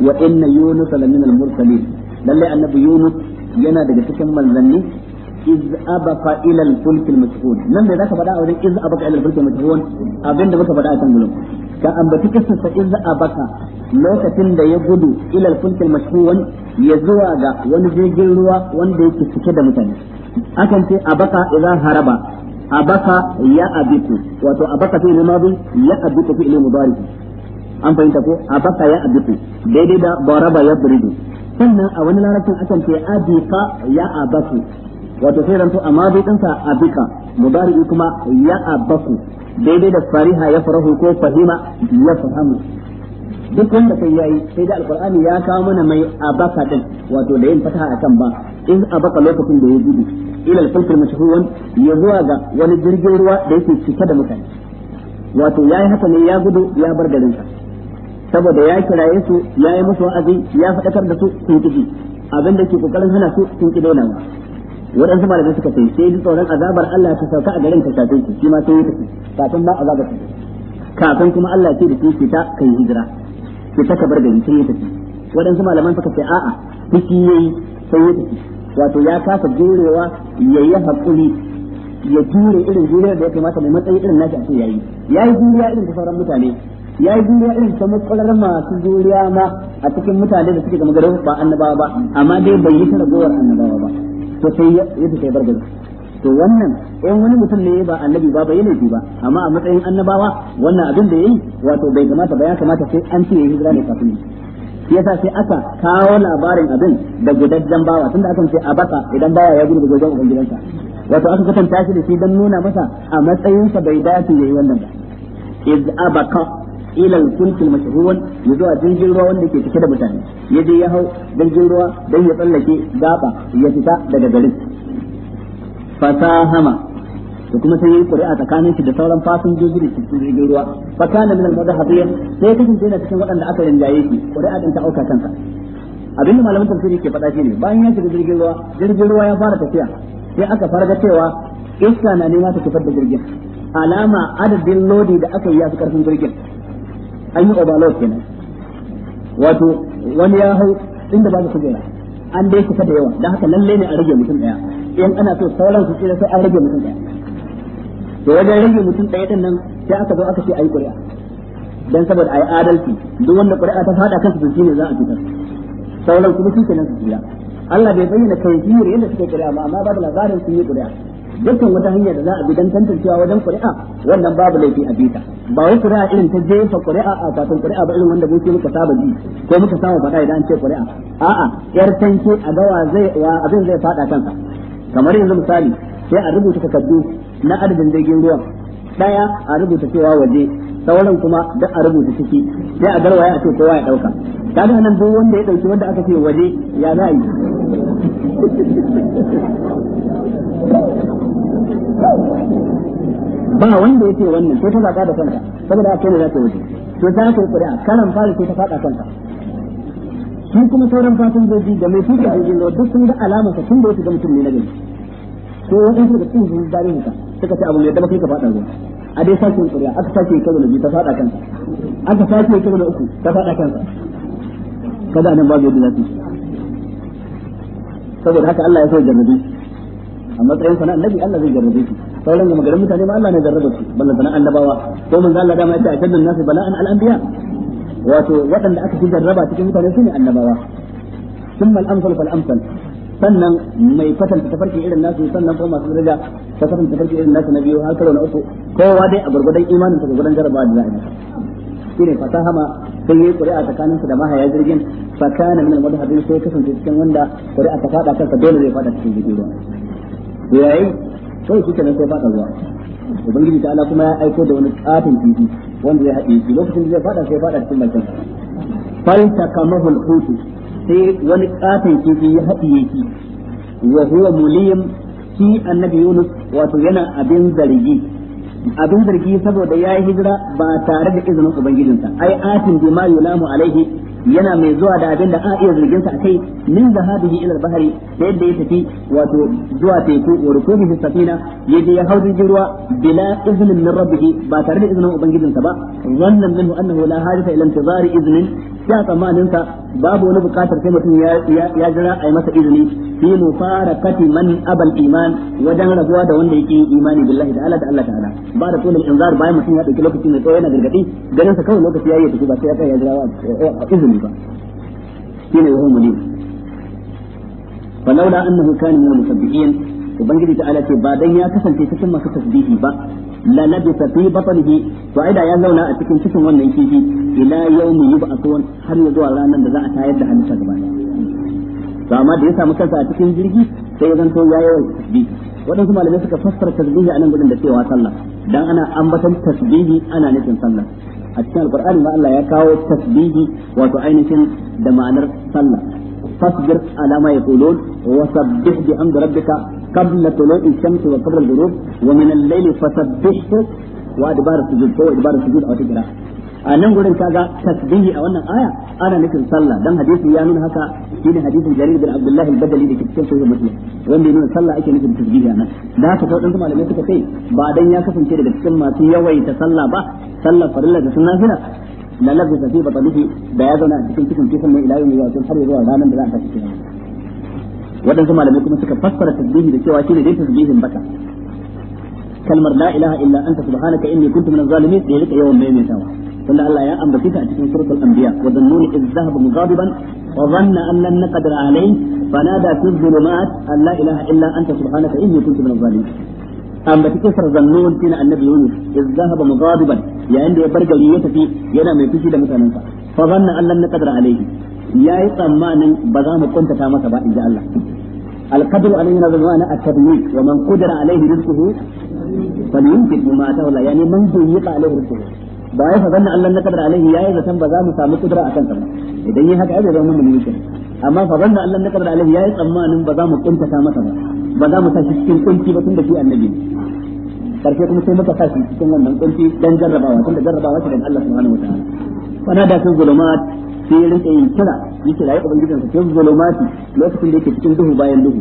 wa inna yunus la min al mursalin lalle annabi yunus yana daga cikin manzanni iz abaqa ila al-fulk al-majhul nan da zaka faɗa a wurin iz abaqa ila al-fulk al-majhul da muka faɗa a kan gulum ka ambaci kisan sa iz abaqa lokacin da ya gudu ila al-fulk al-majhul ya zuwa ga wani jirgin ruwa wanda yake cike da mutane akan ce abaka idza haraba abaka ya abiku wato abaka fi al-madi ya abiku fi al-mudari an fahimta ko abaka ya abiku daidai da baraba ya buridu sannan a wani larabcin akan ce abika ya abaku wato sai ranto amma bai dinsa abika mudari kuma ya abaku daidai da fariha ya farahu ko fahima ya fahamu duk wanda kai yayi sai da alqur'ani ya kawo mana mai abaka din wato da yin fataha akan ba in abaka lokacin da ya gudu ila al-fulk mashhurun ya zuwa ga wani jirgin ruwa da yake cike da mutane wato yayi haka ne ya gudu ya bar garin sa saboda ya kiraye su ya yi musu wa'azi ya fadakar da su sun kiji abin da ke kokarin hana su sun ki dauna waɗansu malamai suka ce sai ji tsoron azabar Allah ta sauka a garin ta shafe shi shi ma sai ya tafi kafin ba azabar ta kafin kuma Allah ce da shi ta kai hijira ki ta kabar gari sai ya tafi waɗansu malaman suka ce a'a fushi yayi sai ya tafi wato ya kasa jurewa yayi hakuri ya jure irin juriyar da ya kamata mai matsayi irin nashi a ce yayi yayi juriya irin ta sauran mutane ya yi juriya irin ta matsalar masu juriya ma a cikin mutane da suke gama gare ba annabawa ba amma dai bai yi ta ragowar annabawa ba to sai ya fita bar to wannan in wani mutum ne ba annabi ba bai laifi ba amma a matsayin annabawa wannan abin da yayi wato bai kamata ba ya kamata sai an ce yayi hijira ne kafin shi yasa sai aka kawo labarin abin da gudaddan bawa tunda aka ce a baka idan bawa ya gudu daga wajen ubangidansa wato aka kwatanta shi da shi dan nuna masa a matsayinsa bai dace yayi wannan ba iz abaka ila al-fulkil mashhun yazo a jirgin ruwa wanda ke cike da mutane yaje ya hau jirgin ruwa dan ya tsallake gaba ya fita daga garin fasahama da kuma sai yayi ƙuri'a tsakanin shi da sauran fasinjoji da cikin jirgin ruwa fakana min al-mudahhibin sai ya kasance yana cikin waɗanda aka rinjaye shi kuri'a din ta auka kansa abin da malamin tafsiri ke faɗa shine bayan ya shiga jirgin ruwa jirgin ruwa ya fara tafiya sai aka farga cewa iska na nema ta tafi da jirgin alama adadin lodi da aka yi ya fi karfin jirgin an yi overload kenan wato wani ya hau inda ba su jira an dai kusa da yawa dan haka lalle ne a rage mutum daya in ana so sauran su tsira sai an rage mutum daya to wajen rage mutum daya din nan sai aka zo aka ce ayi ƙuri'a dan saboda ayi adalci duk wanda ƙuri'a ta fada kansa to shine za a fitar sauran kuma shi kenan su tsira Allah bai bayyana kai yadda suke ƙuri'a ba amma babu labarin su yi ƙuri'a dukkan wata hanya da za a bi dan tantancewa wajen ƙuri'a wannan babu laifi a bita ba wai ƙuri'a irin ta jefa ƙuri'a a fatan ƙuri'a ba irin wanda muke muka saba ji ko muka saba faɗa idan an ce ƙuri'a a'a yar tanke a gawa zai wa abin zai faɗa kansa kamar yanzu misali sai a rubuta takardu na adadin jirgin ruwan daya a rubuta cewa waje sauran kuma da a rubuta ciki sai a garwaya a ce kowa ya dauka kaga nan duk wanda ya ɗauki wanda aka ce waje ya za yi ba wanda yake wannan sai ta zaka da kanta saboda a ne za ta wuce to za ka yi ƙuri'a karan fara sai ta faɗa kanta shi kuma sauran fasinjoji da mai tuka jirgin ruwa duk sun ga alamar sa tun da yake ga mutum ne na gari to wani su da cin jini tarihin ka suka ce abu mai dama kai ka faɗa ruwa a dai sake ƙuri'a aka sake kai da biyu ta faɗa kanka aka sake kai da uku ta faɗa kanta kada nan babu yadda za su saboda haka Allah ya so jarrabe a matsayin sa na annabi Allah zai jarrabe shi sauran da magarin mutane ma Allah ne jarrabe su ballan sana annabawa ko manzo Allah dama yace ajadun nasu bala'an al-anbiya wato waɗanda aka fi jarraba cikin mutane su ne annabawa thumma al-amsal fal amsal sannan mai kwatanta tafarki irin nasu sannan ko masu daraja ta kwatanta tafarki irin nasu na biyu har karo na uku kowa dai a gurgudan imanin ta gurgudan jarabawa da za a yi shine fasahama sai yayi ƙuri'a tsakanin su da mahaya jirgin fa kana min al-mudhabbin sai kasance cikin wanda ƙuri'a ta fada kansa dole zai fada cikin jirgin yayi sai shi kenan sai fada zuwa ubangiji ta ala kuma ya aiko da wani katin titi wanda ya haɗe shi lokacin da zai fada sai fada cikin bakin farin kamahu alhutu sai wani katin titi ya haɗiye shi wa huwa muliyam shi annabi yunus wato yana abin zargi abin zargi saboda ya yi hijira ba tare da izinin ubangijinsa ai atin bi ma yulamu alaihi yana mai zuwa da abin da a iya zargin sa kai min zahabihi ila al-bahri da yadda ya tafi wato zuwa teku wa rukubi fi safina yaje ya jirgin ruwa bila iznin min rabbih ba tare da iznin ubangijinsa ba wannan minhu annahu la hadisa ila intizari iznin ya tsammanin sa babu wani bukatar sai mutum ya jira a yi masa izini fi mufarakati man abal iman wajen rabuwa da wanda yake imani billahi da Allah da Allah ta'ala ba da tunan inzar bayan mutum ya dauki lokaci ne tsawo yana gargadi ganin sa kawai lokaci yayi tafi ba sai ya kai ya jira wa izini ba shine yahu muni da annahu kana mu al-musabbihin ubangiji ta ce ba dan ya kasance cikin masu tasbihi ba la labisa fi batnihi to ai da ya zauna a cikin cikin wannan kifi ila yawmi yub'athun har ya zuwa ranar da za a tayar da halitta gaba to amma da ya samu kansa a cikin jirgi sai ya zanto ya yawan tasbihi waɗansu malamai suka fassara tasbihi a nan gudun da cewa sallah dan ana ambatan tasbihi ana nufin sallah a cikin alqur'ani ma Allah ya kawo tasbihi wato ainihin da ma'anar sallah fasbir alama ya yaqulun wa sabbih bi amri rabbika قبل طلوع الشمس وقبل الغروب ومن الليل فسبحه وادبار السجود ko adbar sujud a wata kira a nan gurin kaga tasbihi a wannan aya ana nufin sallah dan hadisi ya nuna haka shine hadisin Jarir bin Abdullah al-Badali da ke cikin sahih Muslim wanda ya nuna sallah ake nufin tasbihi a nan da haka sai dan malamai suka sai ba dan ya kasance daga cikin masu yawaita sallah ba sallah farilla da sunna fila la lafi fi batalihi da ya zauna a cikin cikin cikin mai ila yau ne har zuwa ranar da za a tafi cikin waɗansu malamai kuma suka fassara tasbihi da cewa shi ne dai tasbihin baka kalmar la ilaha illa anta subhanaka inni kuntu minaz zalimin da yake yawan maimaitawa wanda Allah ya ambace ta a cikin suratul anbiya wa zannuni iz dhahaba mughadiban wa dhanna an lan naqdir alayhi fanada fi dhulumat an la ilaha illa anta subhanaka inni kuntu minaz zalimin ambaci kisar zannun shi annabi yunus iz dhahaba mughadiban yayin da ya bar gari ya tafi yana mai fushi da mutanensa fa dhanna an lan naqdir alayhi Ya yi tsammanin ba za mu kuntata masa ba inji Allah القدر أن ينظر أنا التدمير ومن قدر عليه رزقه فليمسك مما أتاه الله يعني من ضيق عليه رزقه ba ya faɗa Allah na kadar alaihi yayi zaton ba za mu samu kudura akan sa ba idan yi haka ai zai zama mun yake amma fa zanna Allah na kadar ya yi tsammanin ba za mu kuntata masa ba ba za mu sa shi cikin kunci ba tun da shi annabi Karfe kuma sai muka sa shi cikin wannan kunci dan jarrabawa tun da jarrabawa ce dan Allah subhanahu wataala fa na nada sun zulumat sai ya rinka yin kira ya kira ya ubangijin sa cikin zulumati lokacin da yake cikin duhu bayan duhu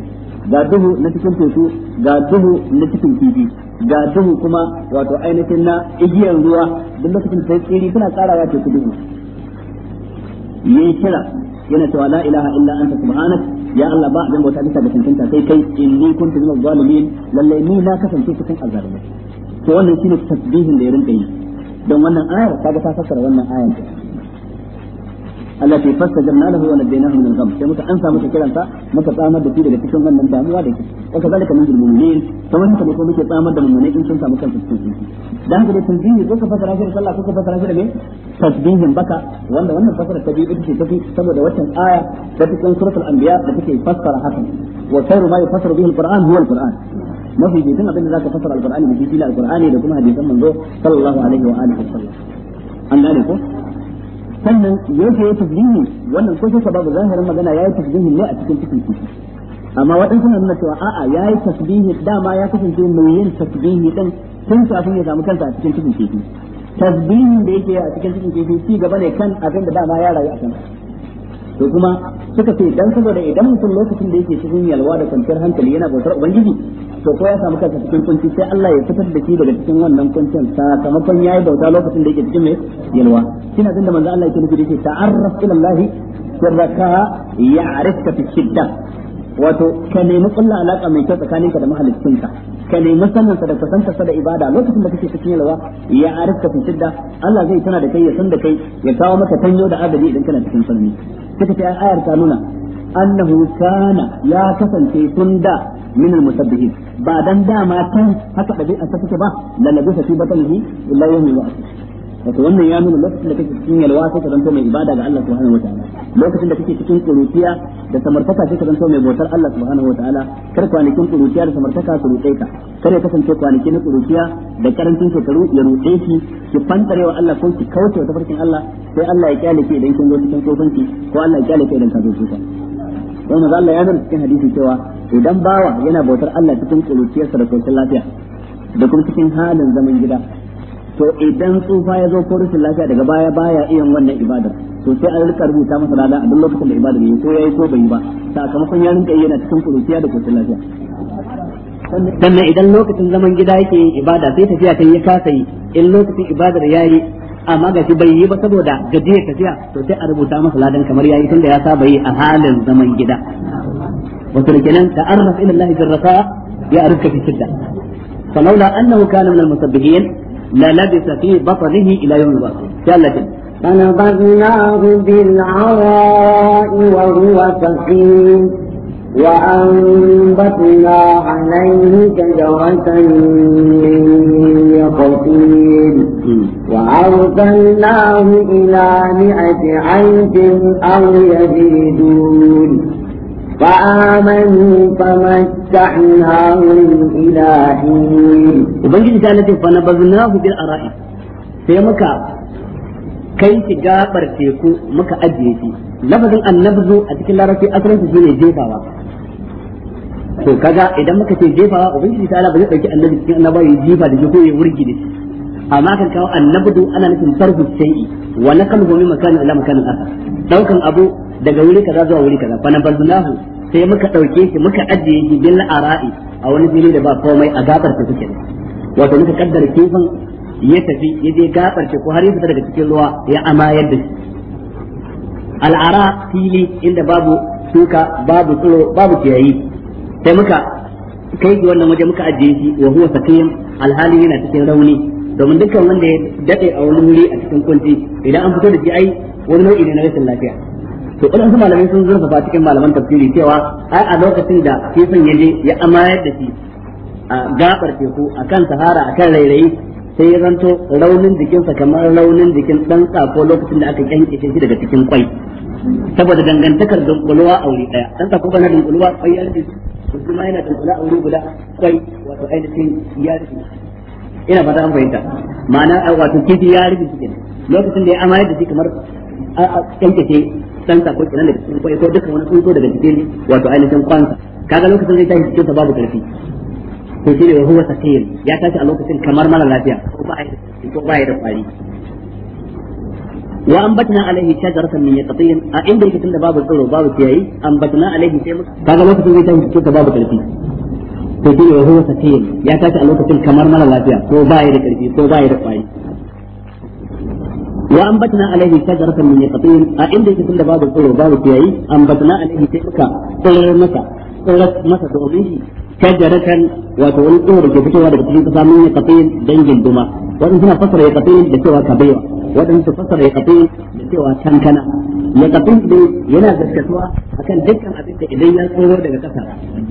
ga duhu na cikin teku ga duhu na cikin kifi ga duhu kuma wato ainihin na igiyar ruwa duk lokacin da tsiri suna tsarawa teku duhu yayi kira yana cewa la ilaha illa anta subhanak ya Allah ba dan bauta bisa da tantanta sai kai inni kuntu minaz zalimin lalle ni na kasance cikin azzalimai to wannan shine tasbihin da ya rinka yi don wannan ayar kaga ta fassara wannan ayar التي فاستجبنا له ونجيناه من الغم كما انسى مثل كلمه متى قام بك الى كشف من دام وادك وكذلك من المؤمنين كما انت مثل متى قام بك من ان كنت مكان تسجد دعك للتنزيه كيف فترى في صلى الله كيف فترى في ربي تسجيه بك وان وان فترى تجيب انت تجي سبع وتن ايه تجي سوره الانبياء التي فسر حسن وخير ما يفسر به القران هو القران ما في جيدنا بين ذاك فسر القران بجيدنا القران لكم هذه ثم صلى الله عليه واله وسلم ان ذلك sannan yake ya tasbihi wannan ko shi babu zahirin magana ya yi tasbihi ne a cikin cikin ciki amma waɗansu na nuna cewa a'a yayi tasbihi dama ya kasance mai yin tasbihi din tun kafin ya samu kansa a cikin cikin ciki tasbihin da yake a cikin cikin ciki ci gaba ne kan abin da dama ya rayu a kansa to kuma suka ce dan saboda idan mutum lokacin da yake cikin yalwa da kwanciyar hankali yana bautar ubangiji to ko ya samu kansa cikin kunci sai Allah ya fitar da shi daga cikin wannan kuncin sakamakon yayi bauta lokacin da yake cikin mai yalwa kina da manzo Allah yake nufi da yake ta'arraf ila Allah sirraka ya'rifka fi shiddah wato ka nemi kulla alaka mai kyau tsakaninka da mahaliccinka ka nemi sanin sa da kusanta sa da ibada lokacin da kake cikin yalwa ya arifka fi shidda Allah zai tana da kai ya san da kai ya kawo maka tanyo da adadi idan kana cikin sanni kika ta ayar ta nuna annahu kana ya kasance tun da min almusabbihin ba dan dama tan haka dabi'a ta take ba la labisa fi batnihi illa yawmi wa'ati wato wannan ya nuna lokacin da kake cikin yalwa sai ka zanto mai ibada ga Allah subhanahu wataala lokacin da kake cikin kurutiya da samartaka sai ka zanto mai bautar Allah subhanahu wataala kar kwanakin kurutiya da samartaka su rutse ka kar ya kasance kwanaki na kurutiya da karancin shekaru ya rutse ki ki fantarewa Allah ko ki kauce wa tafarkin Allah sai Allah ya kyale ki idan kin zo cikin tsofanki ko Allah ya kyale ki idan ka zo tsufa dan manzo Allah ya nuna cikin hadisi cewa idan bawa yana bautar Allah cikin kurutiyarsa da kwanciyar lafiya da kuma cikin halin zaman gida to idan tsufa ya zo ko rashin lafiya daga baya baya iya wannan ibadar to sai an rika rubuta masa lada a duk lokacin da ibadar yayi ko yayi ko bai ba sakamakon ya rinka yana cikin kuruciya da kurucin lafiya sannan idan lokacin zaman gida yake yin ibada sai tafiya kai ya kasa yi in lokacin ibadar yi amma ga shi bai yi ba saboda gajiyar tafiya to sai a rubuta masa ladan kamar ya yi tunda ya saba yi a halin zaman gida wato kenan ta'arraf ila ilallahi jarrafa ya arka fi shidda فلولا انه كان من المسبحين للبث في بطنه إلى يوم البعث قال فنبذناه بالعراء وهو سقيم وأنبتنا عليه شجرة من يقطين وأرسلناه إلى مئة عيش أو يزيدون فآمنوا فمتعناهم إلى حين وبنجي تعالى فنبذناه بالأرائك سيمكا kai shi gabar teku muka ajiye shi lafazin annabzu a cikin larabci asalin su shine jefawa to kaga idan muka ce jefawa ubangiji ta ala ba zai dauki annabi cikin annabawa ya jefa da shi wurgi amma kan kawo annabdu ana nufin farhu sai wa naqluhu min makani ila makani aka daukan abu daga wuri kaza zuwa wuri kaza fana bandulahu sai muka dauke shi muka ajiye shi bil ara'i a wani fili da ba komai a gabar ta suke wato muka kaddara kifin ya tafi ya je gabar ko har ya fita daga cikin ruwa ya amayar da shi al'ara fili inda babu shuka babu tsoro babu ciyayi sai muka kai shi wannan waje muka ajiye shi wa huwa sakiyam alhali yana cikin rauni domin dukkan wanda ya dade a wani wuri a cikin kwanci idan an fito da shi ai wani nau'i ne na rashin lafiya to wadansu malamai sun zurfafa cikin malaman tafsiri cewa ai a lokacin da kifin ya je ya amayar da shi a gabar teku akan sahara a kan rairayi sai ya zanto raunin jikinsa kamar raunin jikin dan sako lokacin da aka kyankice shi daga cikin kwai saboda dangantakar dunkuluwa a wuri daya dan sako bana dunkuluwa kwai ya rufe kuma yana dunkula a wuri guda kwai wato ainihin ya rufe ina fata an fahimta ma'ana a wato kifi ya rufe kenan lokacin da ya amayar da shi kamar a yankace sansa ko kiran da cikin kwai ko dukkan wani tsuntsu daga cikin wato ainihin kwansa kaga lokacin zai tashi cikin babu karfi to shi ne wa huwa sakayil ya tashi a lokacin kamar mara lafiya ko ba ko ba ya da kwari wa ambatna alaihi shajaratan min yaqtin a inda yake tunda babu tsaro babu ciyayi ambatna alaihi sai muka kaga lokacin zai tashi cikin babu karfi sai shi ne wa huwa sakin ya tashi a lokacin kamar mara lafiya ko ba ya da karfi ko ba ya da kwari wa ambatna alaihi shajaratan min yaqtin a inda yake tunda babu tsoro babu kiyayi ambatna alaihi sai suka tsoro masa tsoro masa domin shi shajaratan wato wani tsoro da ke fitowa daga cikin kasa min yaqtin dangin duma wannan suna fasara yaqtin da cewa kabewa waɗansu fasara ya kafin da cewa kankana ya kafin da yana gaskatuwa akan dukkan abin da idan ya tsoro daga ƙasa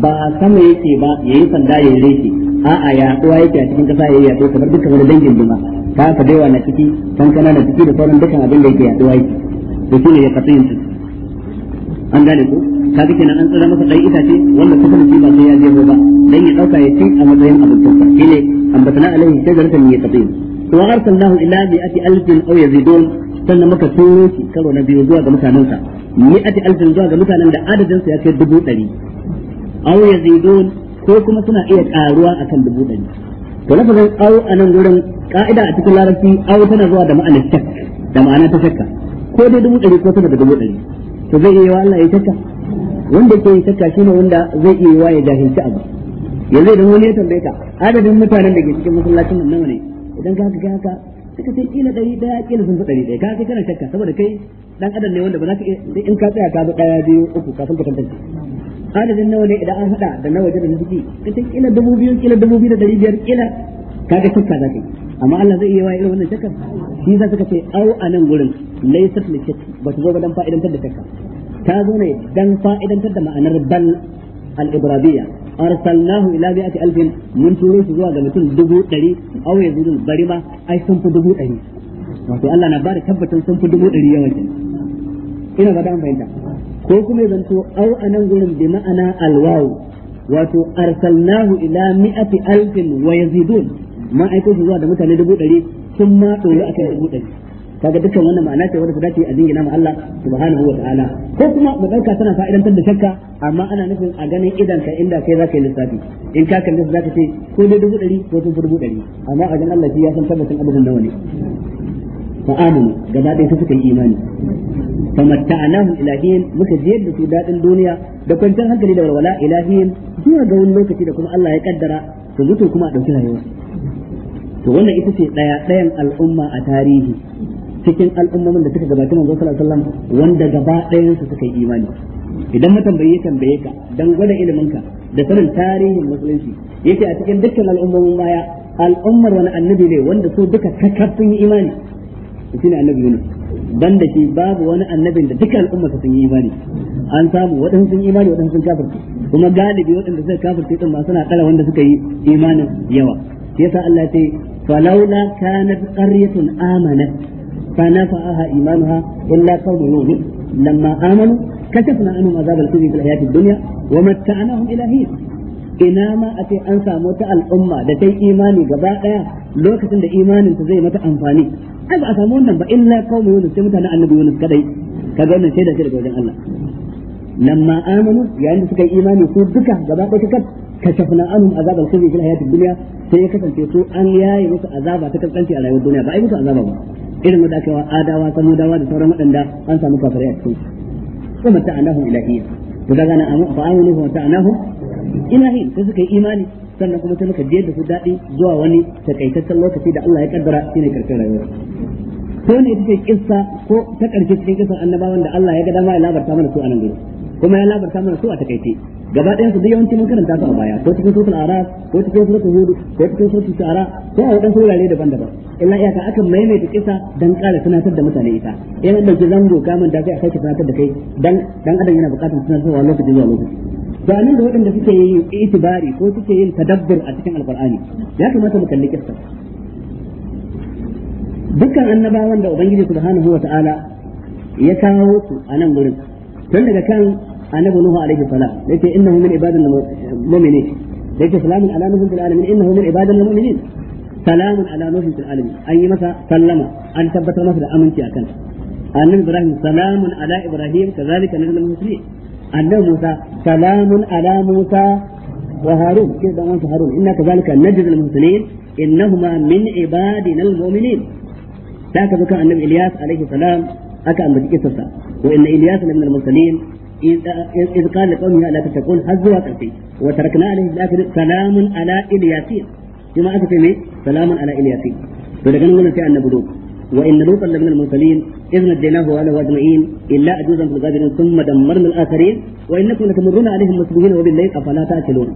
ba sama yake ba ya yi sanda ya yi reke a'a yaɗuwa yake a cikin ƙasa ya yi yaɗo kamar dukkan wani dangin juma ta da daiwa na ciki kankana na ciki da sauran dukkan abin da yake yaɗuwa yake da shi ne ya kafin su an gane ko kaga kenan an tsara masa ɗan itace wanda kusa da shi ba sai ya je ba dan ya ɗauka ya ci a matsayin abincin sa shine ambatana alaihi shajaratan yaqtin wa arsalnahu ila mi'ati alfin aw yazidun sannan muka turo shi karo na biyu zuwa ga mutanen mutanensa mi'ati alfin zuwa ga mutanen da adadin su ya kai dubu ɗari aw yazidun ko kuma suna iya karuwa akan dubu ɗari to na lafazin aw a nan gurin ka'ida a cikin larabci aw tana zuwa da ma'anar shak da ma'ana ta shakka ko dai dubu ɗari ko tana da dubu ɗari to zai iya yi wa Allah ya shakka wanda ke yin shakka shine wanda zai iya yi wa ya jahilci abu yanzu idan wani ya tambaye ka adadin mutanen da ke cikin masallacin nan nawa ne idan ka ga ka suka ce kila dari ɗaya kila sun fi ɗari ɗaya ka kai kana shakka saboda kai dan adam ne wanda ba za ka in ka tsaya ka bi daya biyu uku ka san ka tantance adadin nawa ne idan an hada da nawa da suke ka ce kila dubu biyu kila dubu biyu da dari biyar kila ka ga shakka za ka yi amma Allah zai iya wa irin wannan shakka shi za ka ce au a nan gurin laysat li shakki ba ta zo ba dan fa'idantar da shakka ta zo ne dan fa'idantar da ma'anar bal al-ibradiyya arsalnahu ila bi'ati alfin mun zuwa ga mutum dubu ɗari aw yazidul bari ma ai sun dubu ɗari wato Allah na bada tabbatar sun dubu ɗari yawan ina ba da fahimta ko kuma zanto au anan gurin bi ma'ana alwawu wato arsalnahu ila mi'ati alfin wa yazidun ma aiko zuwa mutane dubu sun ma dubu kaga dukkan wannan ma'ana ce wanda ta dace a jingina ma Allah subhanahu wa ta'ala ko kuma mu dauka tana fa'idantar da shakka amma ana nufin a ganin idan ka inda kai zaka yi lissafi in ka kalle su zaka ce ko dai dubu ɗari ko sun fi dubu ɗari amma a ganin Allah shi ya san tabbacin abubuwan nawa ne fa amanu gaba ɗaya suka yi imani fa matta'anahum ila muka jiyar da su dadin duniya da kwanciyar hankali da walwala ila hin zuwa ga wani lokaci da kuma Allah ya kaddara su mutu kuma a ɗauki rayuwa to wannan ita ce ɗaya ɗayan al'umma a tarihi cikin al'ummomin da suka gabata manzon sallallahu alaihi wasallam wanda gaba ɗayan su suka yi imani idan na tambaye tambaye ka dan gwada ilimin ka da sanin tarihin musulunci yace a cikin dukkan al'ummomin baya al'ummar wani annabi ne wanda su duka yi imani shine annabi Yunus dan da shi babu wani annabin da duka al'ummar sun yi imani an samu waɗansu sun yi imani waɗansu sun kafirce kuma galibi waɗanda suka kafirce din ma suna tsara wanda suka yi imanin yawa yasa Allah ya ce falawla kanat qaryatun amanat فنفعها إيمانها إلا قوم نوح لما آمنوا كشفنا عنهم عذاب الخزي في wa الدنيا ومتعناهم إلى حين ina ma a ce an samu wata al'umma da ta yi imani gaba lokacin da imanin ta zai mata amfani ai ba a samu wannan ba illa qaumi yunus sai mutanen annabi yunus kadai kaga wannan shaida ce daga wajen Allah lamma amanu yayin da suka yi imani su duka gaba ɗaya kakaf kashafna anhum azabal khizi fil hayatid dunya sai ya kasance su an yaye musu azaba ta kasance a rayuwar duniya ba ai musu irin wanda aka adawa samudawa da sauran waɗanda an samu kafirai a cikin kuma ta'anahum ilahiyya to daga nan amma fa amanu wa ta'anahum ilahi sai suka yi imani sannan kuma sai muka je da su daɗi zuwa wani takaitaccen lokaci da Allah ya kaddara shine karshen rayuwa ko ne take ko ta karshe cikin kissan annabawan da Allah ya ga dama ya labarta mana a nan gurin kuma ya labarta mana su a takaice gaba ɗayan su duk yawanci mun karanta su a baya ko cikin suratul ara ko cikin suratul hud ko cikin suratul shu'ara ko a wadansu wurare daban-daban illa iyaka aka maimaita kisa dan ƙara tunatar da mutane ita in an dauki zango gaman da zai kai tunatar da kai dan dan adam yana buƙatar tunatarwa lokaci zuwa lokaci to anan da waɗanda suke yin itibari ko suke yin tadabbur a cikin alqur'ani ya kamata mu kalli kisa dukkan annabawan da ubangiji subhanahu ta'ala ya kawo su a nan gurin tun daga kan annabi nuhu alaihi salam yace innahu min ibadil mu'minin yace salamun ala nuhu fil alamin innahu min ibadil mu'minin salamun ala nuhu fil alamin an yi masa sallama an tabbatar masa da aminci akan annabi ibrahim salamun ala ibrahim kazalika nazal muslimin annabi musa salamun ala musa wa harun ke dan wanda harun inna kazalika najzil muhsinin innahuma min ibadina almu'minin da ka zuka annabi ilyas alaihi salam aka ambaci kisarsa wa inna ilyas min al-mursalin إذ قال لقومه ألا تتقون هزوا قلبي وتركنا عليه الآخر سلام على إلياسين كما أكتب سلام على إلياسين فلقنا نقول في أن بدوك وإن لوطا لمن المرسلين إذ نجيناه وأهله أجمعين إلا عجوزا في الغابرين ثم دمرنا الآخرين وإنكم لتمرون عليهم مسلمين وبالليل أفلا تأكلون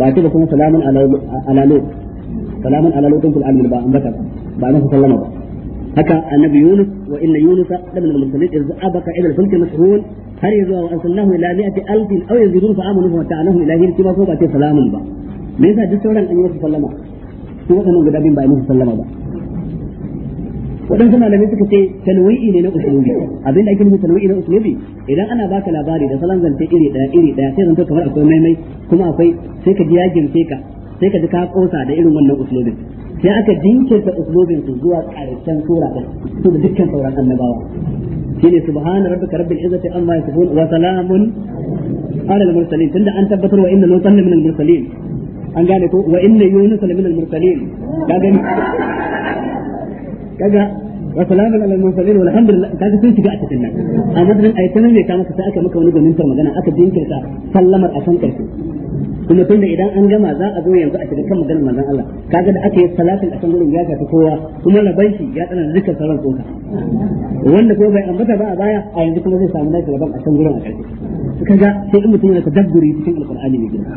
بعد ذلك سلام على على لوط سلام على لوط في العالم الباقي بعد ما الله haka annabi yunus wa inna yunus da min al-mursalin iz abaka ila al-fulk mashhun har yazo wa arsalnahu ila mi'ati alfin aw yazidun fa amanu wa ta'alahu ila hin ko ba ce salamun ba me yasa duk sauran an yi musu sallama su wadannan guda bin ba musu sallama ba waɗansu malamai suka ce tanwi'i ne na usulubi abinda ake nufi tanwi'i na usulubi idan ana baka labari da salon zance iri ɗaya iri ɗaya sai zanto kamar akwai maimai kuma akwai sai ka ji ka sai ka ji kakosa da irin wannan usulubin sai aka jinkirta uslubin su zuwa karshen sura da su da dukkan sauran annabawa subhana rabbika rabbil izzati amma yasifun wa salamun ala al mursalin tunda an tabbatar wa inna lutan min al mursalin an gane ko wa inna yunus min al mursalin kaga kaga wa salamun ala al mursalin walhamdulillah kaga sun shiga a cikin nan amma dan ayatan ne ta maka sai aka maka wani gwanin magana aka jinkirta sallamar a san karshe kuma tunda idan an gama za a zo yanzu a shiga kan maganar manzon Allah kaga da aka yi salatin a kan gurin ya shafi kowa kuma na shi ya tsana dukkan sauran tsoka wanda kuma bai ambata ba a baya a yanzu kuma zai samu nashi raban a kan gurin a ƙarshe kaga sai in mutum yana tadabburi cikin alqur'ani ne gina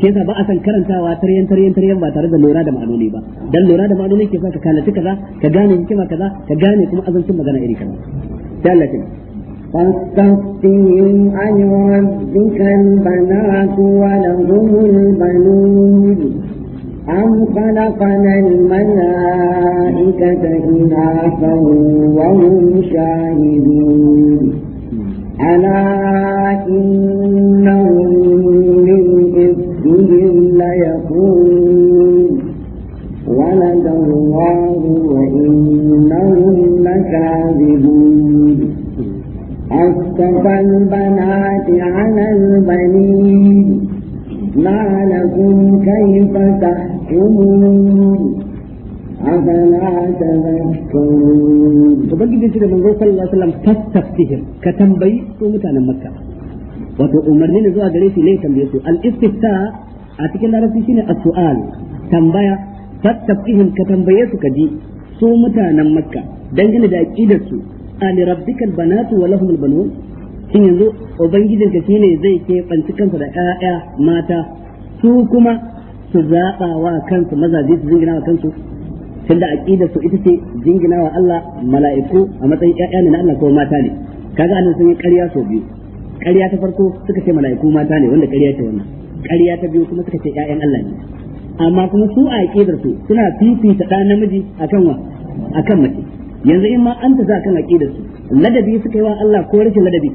Ke ba a san karantawa taryan taryan taryan ba tare da lura da ma'anoni ba dan lura da ma'anoni ke sa ka kalaci kaza ka gane hikima kaza ka gane kuma azancin magana iri kaza sai Allah ya فاستفتهم ربك البنات ولهم البنون أم خلقنا الملائكة إناثا وهم شاهدون ألا إنهم من إفكهم ليقولون ولد الله وإنهم لكاذبون أصطفى البنات على البنين ما لكم كيف تحكمون Ubangiji ce da manzo sallallahu alaihi wasallam tattaftihim ka tambayi su mutanen Makka wato umarni na zuwa gare shi ne tambaye su al istifta a cikin larabci shine as-su'al tambaya tattaftihim ka tambaye su kaji su mutanen Makka dangane da aqidar su ali rabbikal banatu wa lahumul banun shin yanzu ubangijinka shine zai ke banci kansa da ƴaƴa mata su kuma su zaɓa wa kansu mazaje su jingina wa kansu tunda aqidar su ita ce jingina wa Allah mala'iku a matsayin ƴaƴa ne na Allah ko mata ne kaga anan sun yi ƙarya sau biyu ƙarya ta farko suka ce mala'iku mata ne wanda ƙarya ce wannan ƙarya ta biyu kuma suka ce ƴaƴan Allah ne amma kuma su a aqidar su suna fifita ɗan namiji akan wa akan mace yanzu in ma an ta sa kan aqidar su ladabi suka yi wa Allah ko rashin ladabi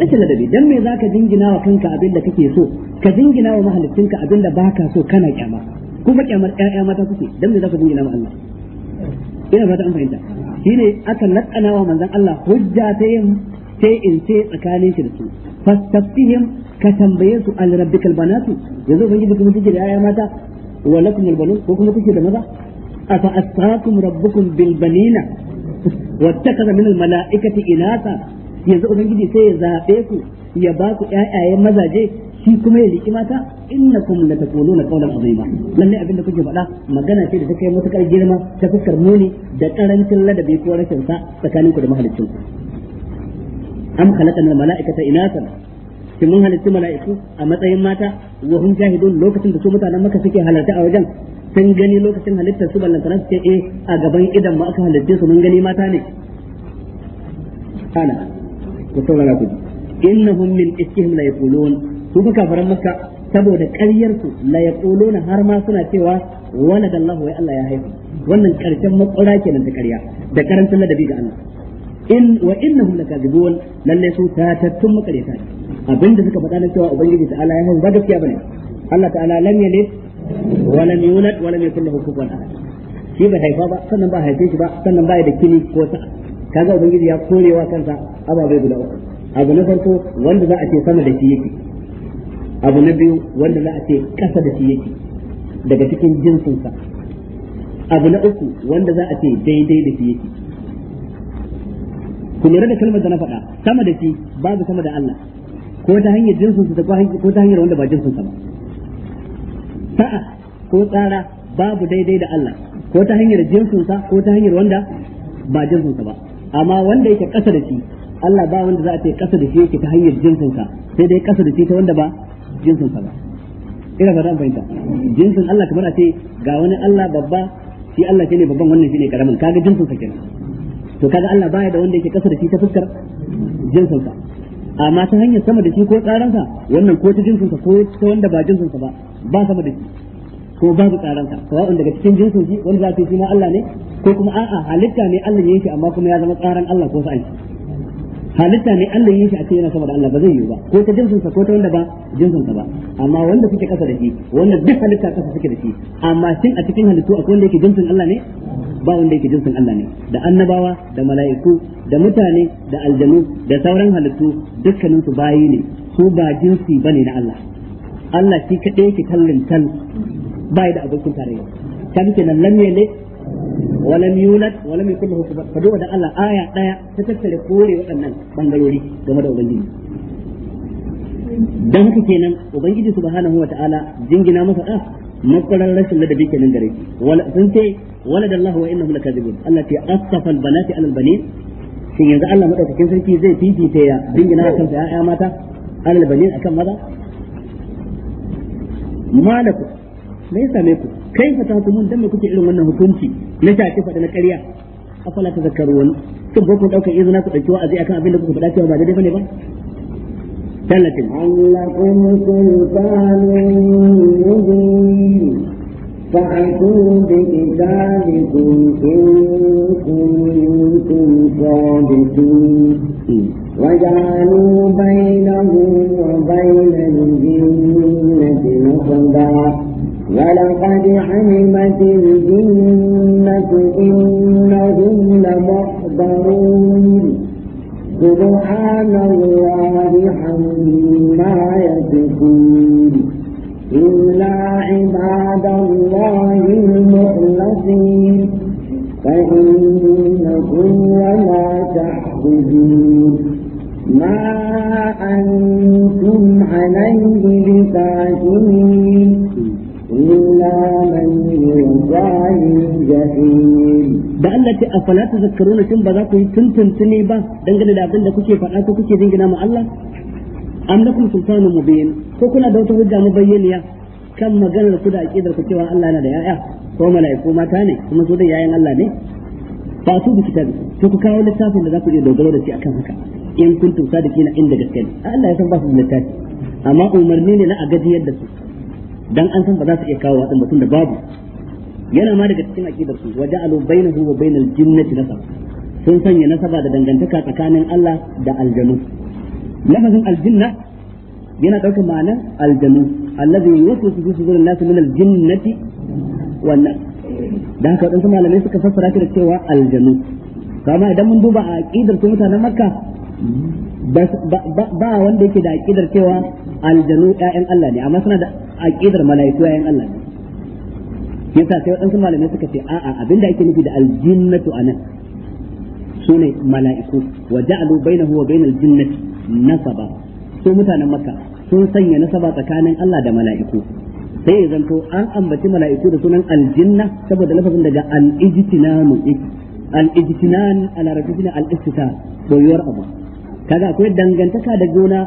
rashin ladabi dan me zaka jingina wa kanka abin da kake so ka jingina wa ka abin da baka so kana kyama kuma kyamar ƴaƴa mata kuke dan me zaka jingina wa Allah ina fata an fahimta shine aka lakana wa manzon Allah hujja ta yin sai in sai tsakanin shi da su fastafihim ka tambaye su al rabbikal banatu yanzu ubangiji kuma kike da ƴaƴa mata wa lakum banun ko kuma kike da maza afa asqakum rabbukum bil banina wattakaza min almalaikati inasa yanzu ubangiji sai ya zabe ku ya ba ku ƴaƴayen mazaje shi kuma ya liki mata innakum latakuluna qawlan azima lalle abinda kuke faɗa magana ce da ta kai matukar girma ta fuskar muni da karancin ladabi ko rashin sa tsakanin ku da mahaliccin ku am khalaqana almalaikata inasa shin mun halitta mala'iku a matsayin mata wa hum jahidun lokacin da su mutanen maka suke halarta a wajen sun gani lokacin halittar su ballantana su ce eh a gaban idan ma aka halitte su mun gani mata ne kana ku saurara ku innahum min iskihim la yaqulun su fa kafaran makka saboda ƙaryar su la yaquluna har ma suna cewa da waladallahu wai Allah ya haihu wannan karshen makwara kenan ta ƙarya da karantar ladabi ga Allah in wa innahum lakazibun lalle su tatattun makareta abinda suka faɗa na cewa ubangiji ta'ala ya haihu ba gaskiya bane Allah ta'ala lam yalid ولم يولد ولم يكن له كفوا احد shi bai haifa ba sannan ba haife shi ba sannan ba da kini ko ta kaga ubangiji ya korewa kansa ababai guda uku abu na farko wanda za a ce sama da shi yake abu na biyu wanda za a ce kasa da shi yake daga cikin jinsinsa abu na uku wanda za a ce daidai da shi yake ku lura da kalmar da na faɗa sama da shi babu sama da Allah ko ta hanyar jinsinsa ko ta hanyar wanda ba jinsinsa ba sa'a ko tsara babu daidai da Allah ko ta hanyar jinsinsa ko ta hanyar wanda ba jinsinsa ba amma wanda yake kasa da shi Allah ba wanda za a ce kasa da shi yake ta hanyar jinsinsa sai dai kasa da shi ta wanda ba jinsinsa ba ina fata an fahimta jinsun Allah kamar a ce ga wani Allah babba shi Allah shine babban wannan shine karamin kaga jinsinsa kenan to kaga Allah baya da wanda yake kasa da shi ta fuskar jinsinsa amma ta hanyar sama da shi ko tsaransa wannan ko ta jinsinsa ko ta wanda ba jinsinsa ba ba sama da shi ko ba tsaranka. tsaransa sawa'un daga cikin jinsin shi wanda za ta yi ma Allah ne ko kuma a'a halitta ne Allah ya yi shi amma kuma ya zama tsaran Allah ko sa'ai halitta ne Allah ya yi shi a cikin yana sama da Allah ba zai yi ba ko ta jinsinsa ko ta wanda ba jinsinsa ba amma wanda suke kasa da shi wanda duk halitta kasa suke da shi amma shin a cikin halittu akwai wanda yake jinsin Allah ne ba wanda yake jinsin Allah ne da annabawa da mala'iku da mutane da aljanu da sauran halittu dukkanin su bayi ne su ba jinsi bane na Allah Allah shi kadai yake kallin tal bai da abokin tarayya kan kenan lam yalid wa yulad wa yakul lahu fadu da Allah aya daya ta tattare kore waɗannan bangarori game da ubangiji dan haka kenan ubangiji subhanahu wataala jingina masa da makwaran rashin ladabi kenan gare shi sun ce walad Allah wa innahu lakazibun Allah ce asafa albanati alal banin shin yanzu Allah madaukakin sarki zai fifita ya dingina kansa ya'ya mata alal banin kan maza malaku me yasa me ku kai fa ta mun dan me kuke irin wannan hukunci na ta ce da na ƙarya afala tazakkarun kin ba ku daukar izina ku dauki wa'azi akan abin da kuka faɗa cewa ba daidai bane ba ثلاثة لعلكم سلطان مبين فأتوا بكتابكم إن كنتم صادقين إيه. وجعلوا بينه وبين الجنة نصبا ولقد علمت الجنة إنهم لمحضرون سبحان الله عما يصفون إلا عباد الله المخلصين فإنكم وما تحفظون ما أنتم عليه بفاتنين إلا من هو الجحيم da Allah ce a fala ta zakaruna tun ba za ku yi tuntuntune ba dangane da abin da kuke faɗa ko kuke jingina ma Allah am lakum mu mubin ko kuna da wata hujja mubayyaniya kan maganar ku da aqidar ku cewa Allah yana da yaya ko mala'iku mata ne kuma su da yayan Allah ne fa su bi kitabi to ku kawo littafin da za ku iya dogaro da shi akan haka in kuntum sadiqina inda gaske ne Allah ya san ba su littafi amma umarni ne na agajiyar yadda su dan an san ba za su iya kawo wadan mutum da babu yana ma daga cikin akidar su waje alu bainahu wa bainal jinnati nasab sun sanya nasaba da dangantaka tsakanin Allah da aljanu lafazin aljinna yana daukar ma'ana aljanu allazi yuwaswisu fi sudurin nas min aljinnati wan nas da haka wadansu malamai suka fassara shi da cewa aljanu kama idan mun duba a aqidar su mutanen makka ba wanda yake da aqidar cewa aljanu ƴaƴan Allah ne amma suna da aqidar mala'iku ƴaƴan Allah ne yasa sai waɗansu malamai suka ce a'a abinda ake nufi da aljinnatu su ne mala'iku wa ja'alu bainahu wa bainal jinnati nasaba su mutanen makka sun sanya nasaba tsakanin Allah da mala'iku sai ya zanto an ambaci mala'iku da sunan aljinna saboda lafazin daga al-ijtinamu al-ijtinan ala rajulina al-istita boyuwar abu kaga akwai dangantaka da juna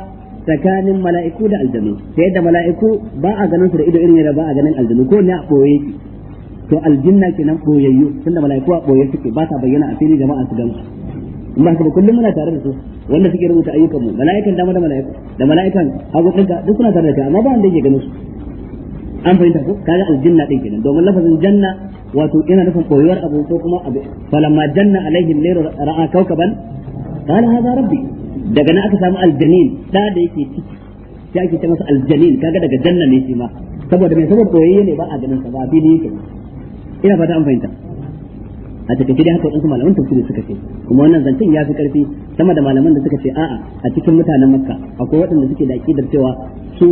tsakanin mala'iku da aljanu sai da mala'iku ba a ganin su da ido irin da ba a ganin aljanu ko ne a boye to aljinna kenan boyayyu tunda malaiku a boye suke ba ta bayyana a fili jama'a su gansu in ba ba kullum muna tare da su wanda suke rubuta ayyukan mu malaikan dama da malaiku da malaikan hagu kanka duk suna tare da kai amma ba wanda yake ganin su an fahimta ko kaga aljinna din kenan domin lafazin janna wato yana nufin koyuwar abu ko kuma abu falamma janna alaihi lairu ra'a kawkaban qala hadha rabbi daga nan aka samu aljanin da da yake ciki sai ake ce masa aljanin kaga daga janna ne shi ma saboda me saboda koyayye ne ba a ganin sa ba fili yake ina ta an fahimta a cikin dai haka wadansu malaman tafsiri suka ce kuma wannan zancen ya fi karfi sama da malaman da suka ce a'a a cikin mutanen makka akwai waɗanda suke da aqidar cewa su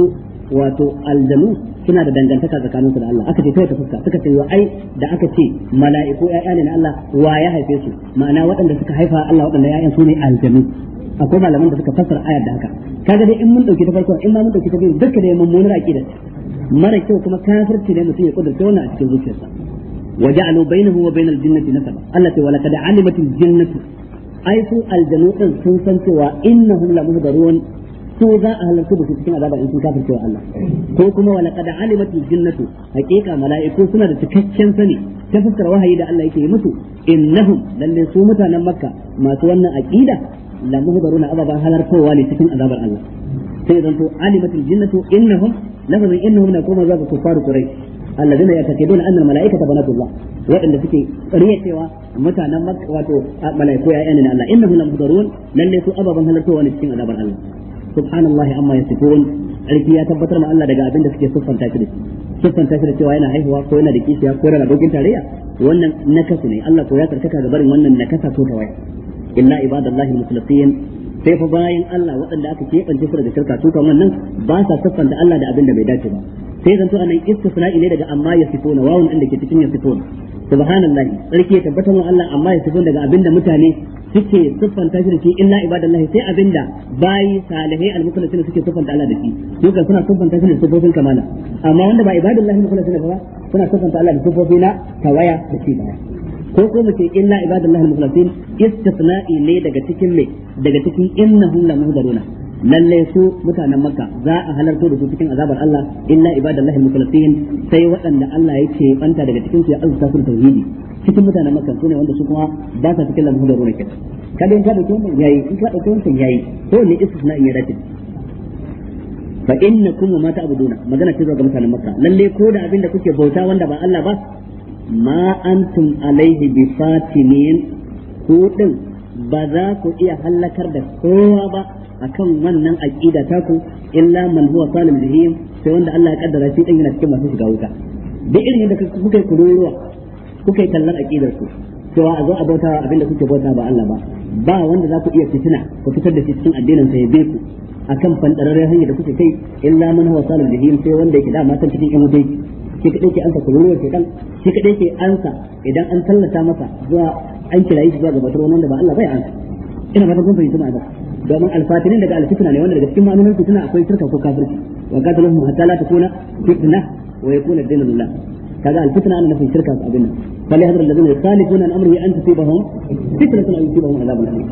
wato aljanu suna da dangantaka tsakanin su da Allah aka ce kai ta fuska suka ce ai da aka ce mala'iku ya'ya ne na Allah wa ya haife su ma'ana waɗanda suka haifa Allah waɗanda ya'yan su ne aljanu akwai malaman da suka fassara ayar da haka kaga dai in mun dauki ta farko in ma mun dauki ta biyu duka da mummunar aqida mara kyau kuma kafirci ne mutum ya kudurta wannan a cikin zuciyarsa وجعلوا بينه وبين الجنة نسبا التي ولقد علمت الجنة أي سوء الجنة سنسن سوى إنهم لمهدرون su za a halarci da su cikin azaba in sun kafir cewa Allah ko kuma wala qad alimat jinnatu haqiqa mala'iku suna da cikakken sani ta fuskar wahayi da Allah yake yi musu innahum lalle su mutanen makka masu wannan aqida la muhdaruna azaban halarkowa ne cikin azabar Allah sai zanto alimat jinnatu na alladheena yataqiduna anna almalaikata banatullah waɗanda suke ƙarya cewa mutanen makka wato malaiku ya yana Allah innahu lamdarun lalle su ababan halartowa ne cikin azabar Allah subhanallahi amma yasifun alki ya tabbatar ma Allah daga abin da suke siffanta shi da shi siffanta da cewa yana haihuwa ko yana da kishiya ko yana da tarayya wannan nakasu ne Allah ko ya tsarkaka ga barin wannan nakasa ko tawaya inna ibadallahi al-mukhlasin sai fa bayan Allah waɗanda aka keɓance su daga shirka su kan wannan ba sa da Allah da abin da bai dace ba sai zan to anan istisna'i ne daga amma yasifuna wawun din da ke cikin yasifuna subhanallahi sarki ya tabbatar wa Allah amma yasifun daga abinda mutane suke siffanta shi da shi illa ibadallahi sai abinda bayi salihai almukhlasina suke siffanta Allah da shi su ga suna siffanta shi da sifofin kamala amma wanda ba ibadallahi almukhlasina ba suna siffanta Allah da sifofi na tawaya da shi baya ko ko mu ce illa ibadallahi almukhlasin istisna'i ne daga cikin me daga cikin innahum la muhdaruna lalle su mutanen makka za a halarto da su cikin azabar Allah illa ibadallahi mukhlasin sai waɗanda Allah ya ce banta daga cikin su ya azza su tauhidi cikin mutanen makka sune wanda su kuma ba sa cikin lamu da ruwan ke kada in ka dauki wannan yayi in ka dauki wannan yayi ko ne istisna in ya dace fa innakum ma ta'buduna magana ce ga mutanen makka lalle ko da abin da kuke bauta wanda ba Allah ba ma antum alaihi bi fatimin ku din ba za ku iya halakar da kowa ba akan wannan aqida ta ku illa man huwa salim jahim sai wanda Allah ya kaddara shi dan yana cikin masu shiga wuta duk irin da kuka kururuwa kuka yi tallan aqidar ku cewa a zo a bauta abinda kuke bauta ba Allah ba ba wanda za ku iya fitina ku fitar da shi cikin addinin sa ya be ku akan fantararren hanyar da kuke kai illa man huwa salim jahim sai wanda yake da matan cikin yan wutai shi kadai ke ansa kururuwar shedan shi kadai ke ansa idan an tallata masa zuwa an kira shi zuwa gabatar wannan da ba Allah bai ansa ina ba fatan kun fahimci ma'ana domin alfatinin daga alfitna ne wanda daga cikin ma'anonin fitna akwai shirka ko kafirci wa qataluhum hatta la takuna fitna wa yakuna ad-din lillah kaga alfitna ana nufin shirka ko abin fal yahdhar alladhina yukhalifuna an amrihi an tusibahum fitnatun aw yusibahum adhabun alim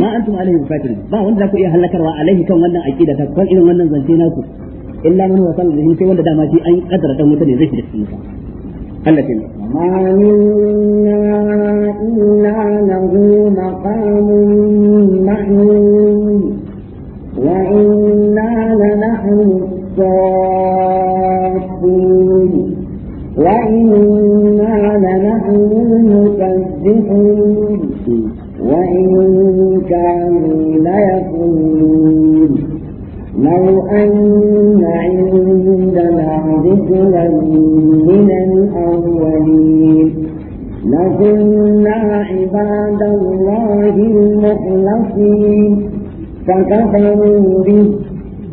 ma antum alaihi bifatin ba wanda zaku iya halakarwa alaihi kan wannan aqida ta kan irin wannan zance naku illa man wasal bihi sai wanda dama shi an kadara dan wuta ne zai shiga cikin التي ما منا إلا له مقام معلوم وإنا لنحن الصافون وإنا لنحن المسبحون وإن كانوا ليقولون لو أن عندنا ذكرا وكنا عباد الله المخلصين فكفروا به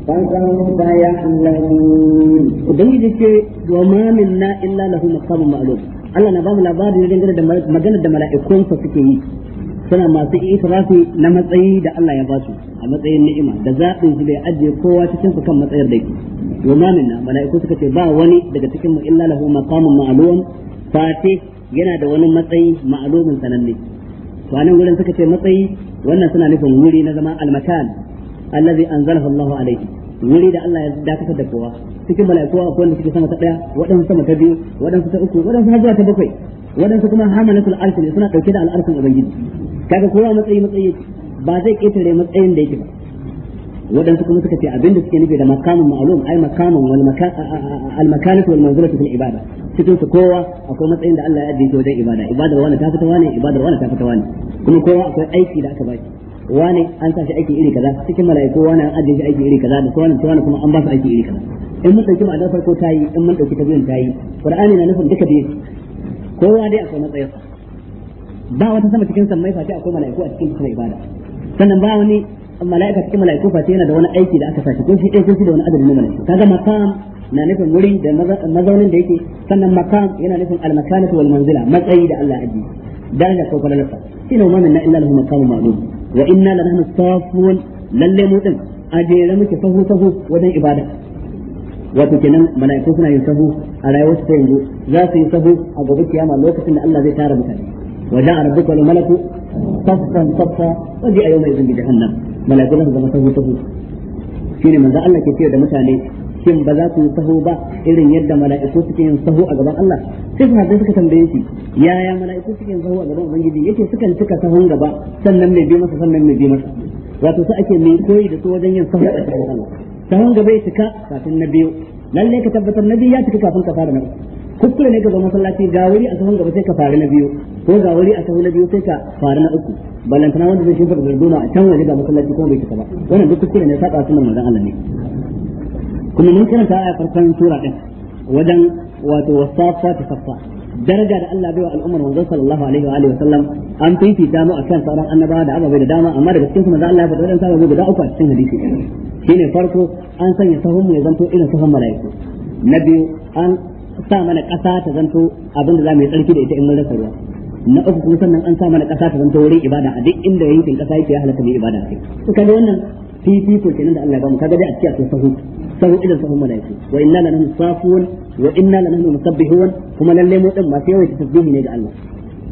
فسوف يعلمون وبيد شيء وما منا له مقام معلوم na bamu labarin dangane da maganar da mala'ikunsa suna masu israfi na matsayi da Allah ya basu a matsayin ni'ima da zaɓin su bai ajiye kowa cikin su kan matsayar da yake wa mala'iku suka ce ba wani daga cikin mu illa lahu maqamun ma'lum fati yana da wani matsayi ma'alumin sananne to anan gurin suka ce matsayi wannan suna nufin wuri na zama almakan allazi anzalahu Allahu alayhi wuri da Allah ya dakatar da kowa cikin mala'iku akwai wanda suke sama ta daya waɗansu sama ta biyu waɗansu ta uku waɗansu har zuwa ta bakwai waɗansu kuma hamalatul arshi ne suna dauke da al'arshin ubangiji kaga kowa matsayi matsayi ba zai ketare matsayin da yake ba waɗansu kuma suka ce abinda suke nufi da makamin ma'lum ai makamin wal makanatu wal manzilatu fil ibada cikin su kowa akwai matsayin da Allah ya ajiye wajen ibada ibadar wani ta fita wani ibadar wani ta fita wani kuma kowa akwai aiki da aka ba shi wani an sa shi aiki iri kaza cikin mala'iku wani an ajiye shi aiki iri kaza da kowa wani kuma an ba su aiki iri kaza in mun dauki ma'anar farko ta yi in mun dauki ta biyun ta yi qur'ani na nufin duka biyu kowa dai akwai matsayinsa ba wata sama cikin sammai face akwai mala'iku a cikin suna ibada sannan ba wani mala'ika cikin mala'iku fa yana da wani aiki da aka sashi ko shi ɗaya ko shi da wani adadi na mala'iku kaga makam na nufin wuri da mazaunin da yake sannan makam yana nufin al-makanatu wal manzila matsayi da Allah aji da ko falalasa shine wannan na illa lahu maqamun ma'lum wa inna la nahnu safun lalle mu din a jere muke sahu sahu wajen ibada wato kenan mala'iku suna yin sahu a rayuwar ta yanzu za su yi sahu a gobe kiyama lokacin da Allah zai tara mutane وجاء ربك والملك صفا صفا وجاء يومئذ بجهنم ملائكته زما تهو تهو shine manzo Allah ke cewa da mutane shin ba za ku yi ba irin yadda mala'iku suke yin sahu a gaban Allah sai suna suka tambaye shi yaya mala'iku suke yin sahu a gaban ubangiji yake sukan cika sahun gaba sannan mai bi masa sannan mai bi masa wato sai ake mai koyi da su wajen yin sahu a gaban Allah sahun gaba cika kafin na ka tabbatar na biyu ya cika kafin ka fara na kuskure ne ka zo masallaci ga wuri a sahun gaba sai ka fara na biyu ko ga wuri a sahun na biyu sai ka fara na uku ballantana wanda zai shimfa garduma a can waje ga masallaci kuma bai cika ba wannan duk kuskure ne saba sunan manzon Allah ne kuma mun karanta a farkon sura din wajen wato wasafa ta safa daraja da Allah bai wa al'ummar manzon sallallahu alaihi wa alihi wasallam an fifita mu akan sauran annabawa da ababai da dama amma daga cikin su manzon Allah ya faɗa wadansa ba guda uku a cikin hadisi shine farko an sanya sahun mu ya zanto irin sahun mala'iku na biyu an sa mana ƙasa ta zanto abin da za mu yi tsarki da ita in mun rasa ruwa na uku kuma sannan an sa mana ƙasa ta zanto wurin ibada a duk inda yankin ƙasa yake ya halatta mai ibada sai to kaga wannan fifiko kenan da Allah ya bamu kaga dai a cikin akwai sahu sahu idan sahun malaiku wa inna lana nahnu wa inna lana nahnu musabbihun kuma lalle mu din masu yawaita tasbihi ne ga Allah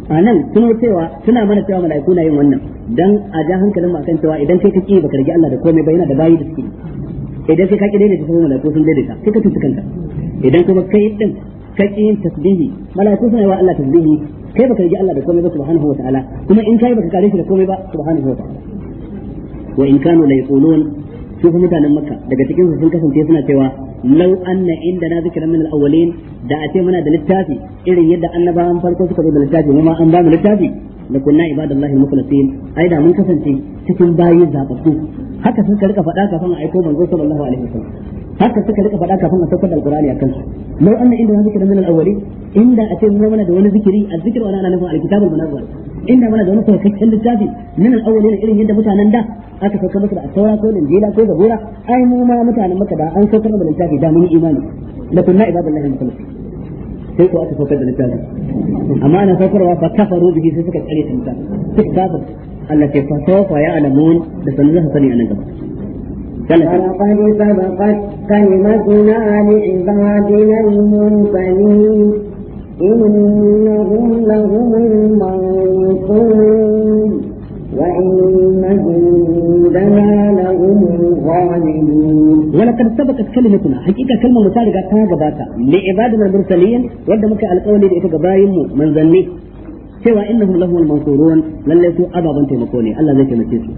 a nan tuno cewa suna mana cewa malaiku na yin wannan dan a ja hankalin mu akan cewa idan kai kake baka rage Allah da komai ba yana da bayi da suke idan kai kaki daidaita sai malaiku sun daidaita sai ka tuntu kanka idan kuma kai din yin tasbihi malaiku suna wa Allah tasbihi kai baka yi Allah da komai ba subhanahu kuma in kai baka kare shi da komai ba subhanahu wataala wa in kanu la yaqulun su kuma mutanen makka daga cikin su sun kasance suna cewa law anna inda na zikran min al-awwalin da a ce muna da littafi irin yadda annabawan farko suka zo da littafi mu ma an ba mu littafi da kunna ibadallahi al-mukhlasin ai da mun kasance cikin bayi zababbu haka sun ka rika faɗa kafin a aiko manzo sallallahu alaihi wasallam haka suka rika faɗa kafin a saukar da alqur'ani akan su law anna inda zikra min al-awwali inda ace mun mana da wani zikiri a zikru ala ana nafsu al-kitabul munawwar inda mana da wani saukakken littafi min al-awwali irin yadda mutanen da aka sauka musu da at-taura ko injila ko zabura ai mu ma mutanen maka da an saukar da littafi da mun imani da kunna ibadallahi al-mukhlasin sai ku aka saukar da littafin amma ana saukarwa ba kafaru bihi sai suka tsare tanta duk kafir Allah ke fa sawfa ya alamun da sanin za su sani a nan gaba ولقد سبقت كلمتنا لعبادنا المرسلين إنهم لهم المنصورون وإن جندنا wala kad sabakat kalimatuna hakika kalmar mu ta riga ta gabata li ibadina mursalin wanda muka alƙawari da ita ga bayin mu manzanni cewa innahum lahu al-mansurun lalle su ababan taimako ne Allah zai taimake su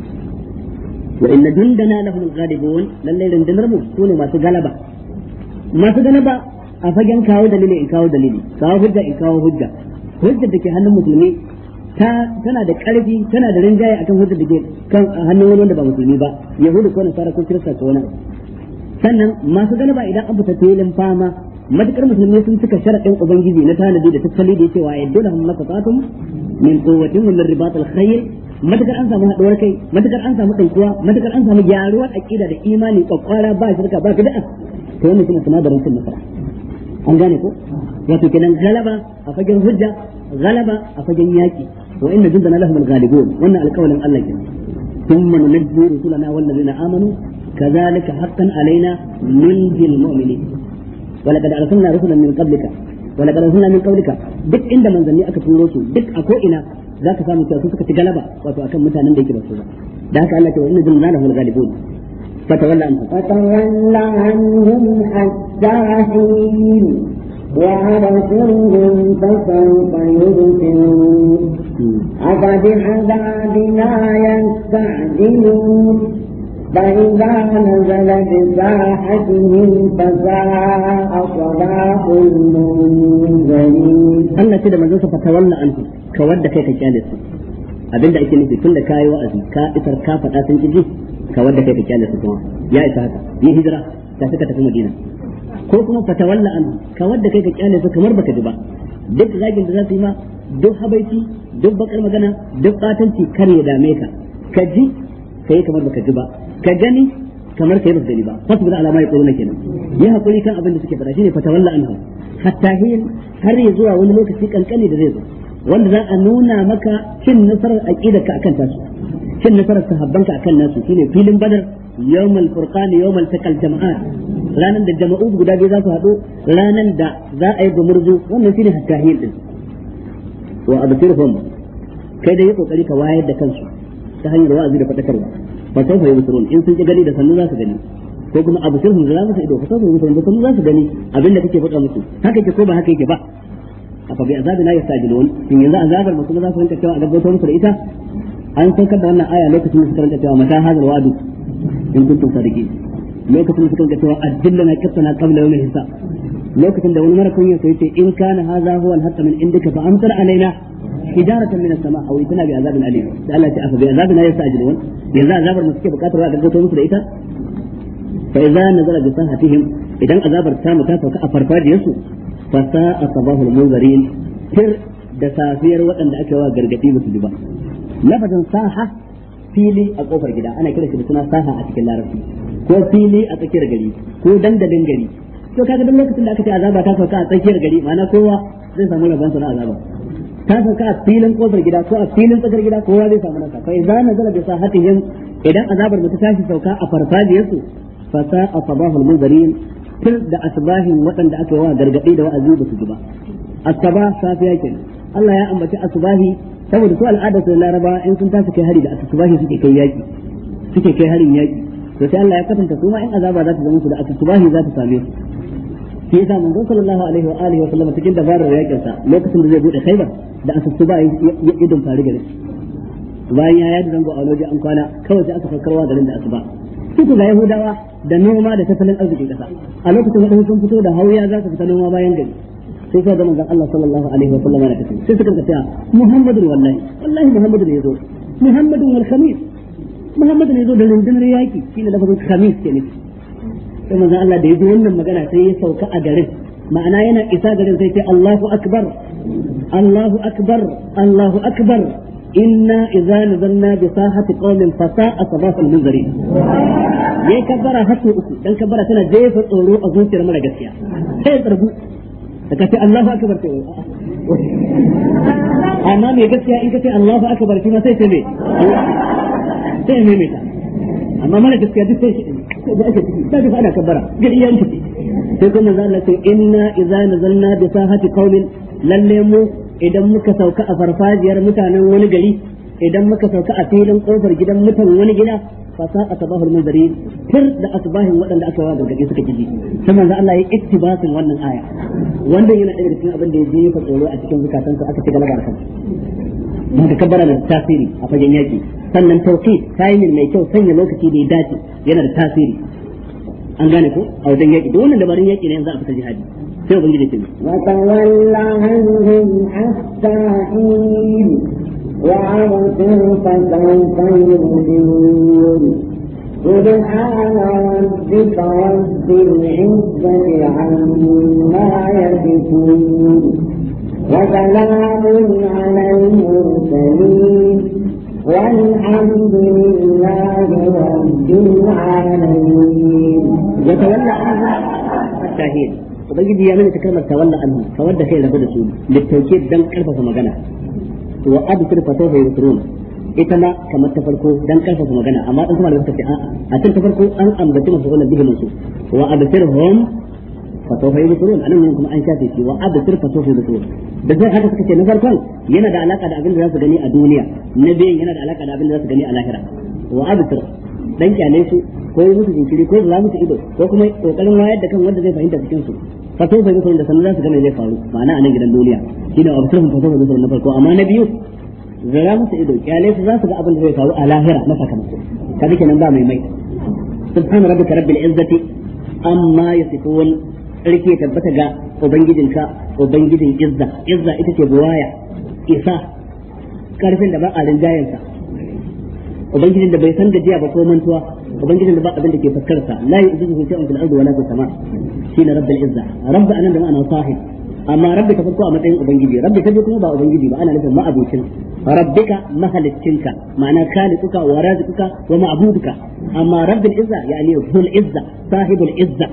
wa inna dundana lahum al-ghalibun lalle rundunar mu sune masu galaba masu galaba a fagen kawo dalili in kawo dalili kawo hujja in kawo hujja hujjar da ke hannun musulmi ta tana da ƙarfi tana da rinjaye akan hujjar da ke kan hannun wani wanda ba musulmi ba yahudu ko nasara ko kirista ko wani sannan masu galaba idan an fita filin fama matukar musulmi sun cika sharaɗin ubangiji na tanadi da tattali da cewa ya dole hum masafatum min quwwatin min ribat khayr matukar an samu haɗuwar kai matukar an samu tsankuwa matukar an samu gyaruwar aqida da imani kwakwara ba shirka ba bid'a to wannan shine sinadarin cin nasara an gane ko wato kenan galaba a fagen hujja galaba a fagen yaki wa inna jundana lahum al-ghalibun wannan alƙawarin Allah kenan ثم ننجي رسلنا والذين amanu. كذلك حقا علينا ننجي المؤمنين ولقد ارسلنا رسلا من قبلك ولقد ارسلنا من قبلك دك عند من زني اكا تنورسو دك اكو انا ذاك سامو تأسو سكت غلبا اكا متى نمدي كبا سوزا ذاك الله كبا انا جمنا له الغالبون فتولى عنهم فتولى عنهم حتى حين وعرفوهم فسوف يرسلون أفبعذابنا يستعجلون فإذا نزل بساحتهم فساء صباح المنذرين Allah ce da manzon fa tawalla anhu ka wadda kai ka kyale su abinda ake nufi tunda kayi wa'azi ka isar ka faɗa sun ji ka wadda kai ka kyale su kuma ya isa haka yi hijira ka suka tafi Madina ko kuma fa tawalla anhu ka wadda kai ka kyale su kamar baka ji ba duk zagin da za su yi ma duk habaici duk bakar magana duk batanci kar ya dame ka ka ji kai kamar baka ji ba ka gani kamar kai baka gani ba fasbir alama ma yaquluna kenan yi hakuri kan abin da suke faɗa shine fatawalla anhu hatta hin har ya zuwa wani lokaci kankani da zai zo wanda za a nuna maka cin nasarar aqidarka akan tasu cin nasarar sahabbanka akan nasu shine filin badar yawmal furqan yawmal taqal jama'at ranan da jama'u guda biyu za su haɗu ranan da za a yi gumurzu wannan shine hatta hin din wa abtirhum kai da yi kokari ka wayar da kansu ta hanyar wa'azi da fadakarwa fa sai fa yusrun in sun ki gani da sannu za su gani ko kuma abu sirrin da za su ido fa sai fa yusrun da sannu za su gani abin da kake faɗa musu haka yake ko ba haka yake ba afa bi azabina yastajilun in yanzu azabar mutum za su rinka cewa a gaggauta musu da ita an san kada wannan aya lokacin da suka rinka cewa mata hazal wa'du in kuntum sadiqin lokacin da suka rinka cewa addillana qissana qabla yawmil hisab lokacin da wani mara kunya sai ce in kana hadha huwa al-hatta min indika fa amtar alaina hijaratan min as-sama aw yatuna bi azabin alim da Allah ya afa bi azabin alim sajidun yanzu azabar mu suke bukatar a gaggauto musu da ita fa idza nazala bi sahatihim idan azabar ta mu ta sauka a farfajiyar su fa sa'a gargadi musu ji ba lafazin saha fili a kofar gida ana kira shi da suna saha a cikin larabci ko fili a tsakiyar gari ko dandalin gari to kaga duk lokacin da aka ce azaba ta sauka a tsakiyar gari ma'ana kowa zai samu rabon sa na azaba ta sauka a filin kofar gida ko a filin tsakar gida kowa zai samu nasa fa idza nazala bi sahatihim idan azabar mu ta tashi sauka a farfajiyarsu fa sa'a sabahul munzirin tun da asbahin waɗanda aka wa gargadi da wa'azi ba su ji ba asaba safiya kenan Allah ya ambaci asbahi saboda su al'ada su laraba in sun tashi kai hari da asbahi suke kai yaki suke kai harin yaki to sai Allah ya kasanta kuma in azaba za ta zama su da asbahi za ta same su shi yasa manzon sallallahu alaihi wa alihi wa sallam cikin dabarar yakin sa lokacin da zai bude khaibar da asusu ba fari gare bayan ya yadda zango a an kwana kawai sai aka farkarwa garin da ga yahudawa da noma da tattalin arzikin kasa a lokacin da sun fito da hauya za su fita noma bayan gari sai ga manzon Allah sallallahu alaihi wa sallam sai suka ga cewa Muhammadu wallahi wallahi ne yazo khamis yazo da rundunar yaki shine lafazin khamis ke nufi sai manzon Allah da ya ji wannan magana sai ya sauka a garin ma'ana yana isa garin sai ce Allahu akbar Allahu akbar Allahu akbar inna idza nazalna bi sahati qaumin fa sa'a sabah al-munzirin yayi kabbara hasu uku dan kabbara tana jefa tsoro a zuciyar mara gaskiya sai tsargu daga ce Allahu akbar sai amma mai gaskiya in ka ce Allahu akbar kuma sai ce me sai me me ta. amma mara gaskiya duk sai shi da ake ciki da duk kabbara gari ya ciki sai kuma za Allah ce inna idza nazalna bi sahati qaumin lalle mu idan muka sauka a farfajiyar mutanen wani gari idan muka sauka a filin kofar gidan mutan wani gida fa sa'a sabahul munzari tir da asbahin waɗanda aka wa gargaɗe suka ji sai manzo Allah ya ittibasin wannan aya wanda yana daga cikin abin da ya jefa tsoro a cikin zukatan su aka ci galaba akan da kabbara da tasiri a fagen yaki sannan tauqit timing mai kyau sanya lokaci da ya dace yana da tasiri an gane ko a wajen yaki duk wannan dabarun yaki ne yanzu a fita jihadi sai ubangiji ce wa tawalla anhum hatta in wa amsu fa sawfa yudhun hannu ربك رب والحمد لله رب العالمين يتولى magana a a tun ta فسوف يذكرون أنا منكم أن شافي في وأبصر فسوف يذكرون بس هذا سكتي نظر كان ينا دا علاقة دا أبن ذات غني الدنيا نبي ينا دا علاقة دا أبن ذات غني الآخرة وأبصر dan kyale su ko yi musu jinkiri ko za musu ido ko kuma kokarin wayar da kan wanda zai fahimta cikin su fa so da sanin za su gani zai faru ma'ana a gidan duniya shine absar fa so na farko amma na biyu zara musu ido kyale su za su ga abin da zai faru a lahira na sakamako kaga kenan ba mai mai subhana rabbika rabbil izzati amma yasifun tsarki ya tabbata ga ubangijinka ubangijin izza izza ita ce buwaya isa karfin da ba a rinjayensa ubangijin da bai san gajiya ba ko mantuwa ubangijin da ba abin da ke fuskarsa la yu'jizuhu shay'un fil ardi wala fis sama ne rabbul izza rabb anan da ma'ana sahib amma rabbi ka farko a matsayin ubangiji rabbi ta biyu kuma ba ubangiji ba ana nufin ma'abucin rabbika mahalicinka ma'ana khaliquka wa raziquka wa ma'budika amma rabbil izza yani zul izza sahibul izza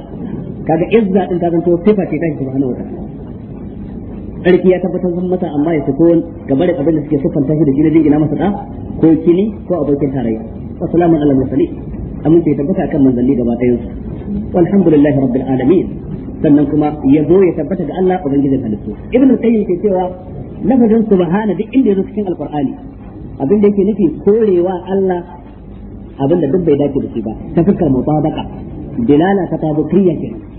kaga izza din ta zanto sifa ce ta subhanahu wa ta'ala sarki ya tabbatar zan mata amma ya sako gabar abin da suke sufanta shi da shi na jingina masa da ko kini ko abokin tarayya assalamu alal mursalin amince ya tabbata akan manzanni gaba ɗayan su walhamdulillahi rabbil alamin sannan kuma ya zo ya tabbata ga Allah ubangijin halittu ibn qayyim ke cewa lafazin subhana duk inda yazo cikin alqur'ani abin da yake nufi korewa Allah abin da duk bai dace da shi ba ta fuskar mutabaka dilala ta tabuqiyya kenan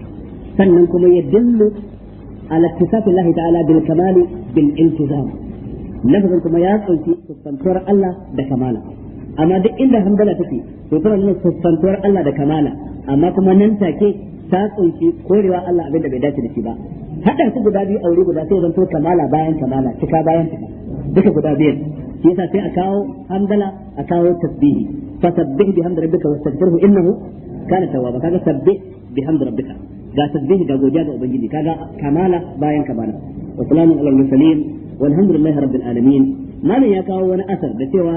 sannan kuma ya dillu ala ittisafi Allah ta'ala bil kamali bil iltizam lafazin kuma ya tsoki sassantuwar Allah da kamala amma duk inda hamdala take to tana nuna sassantuwar Allah da kamala amma kuma nan take ta tsoki korewa Allah abinda bai dace da shi ba hada su guda biyu aure guda sai zanto kamala bayan kamala cika bayan cika duka guda biyar shi yasa sai a kawo hamdala a kawo tasbihi fasabbih bihamdi rabbika wastaghfirhu innahu kana tawwaba kaga sabbih bihamdi rabbika ga tasbihi ga godiya ga ubangiji kaga kamala bayan kamala wa salamun alal mursalin walhamdulillahi rabbil alamin malam ya kawo wani asar da cewa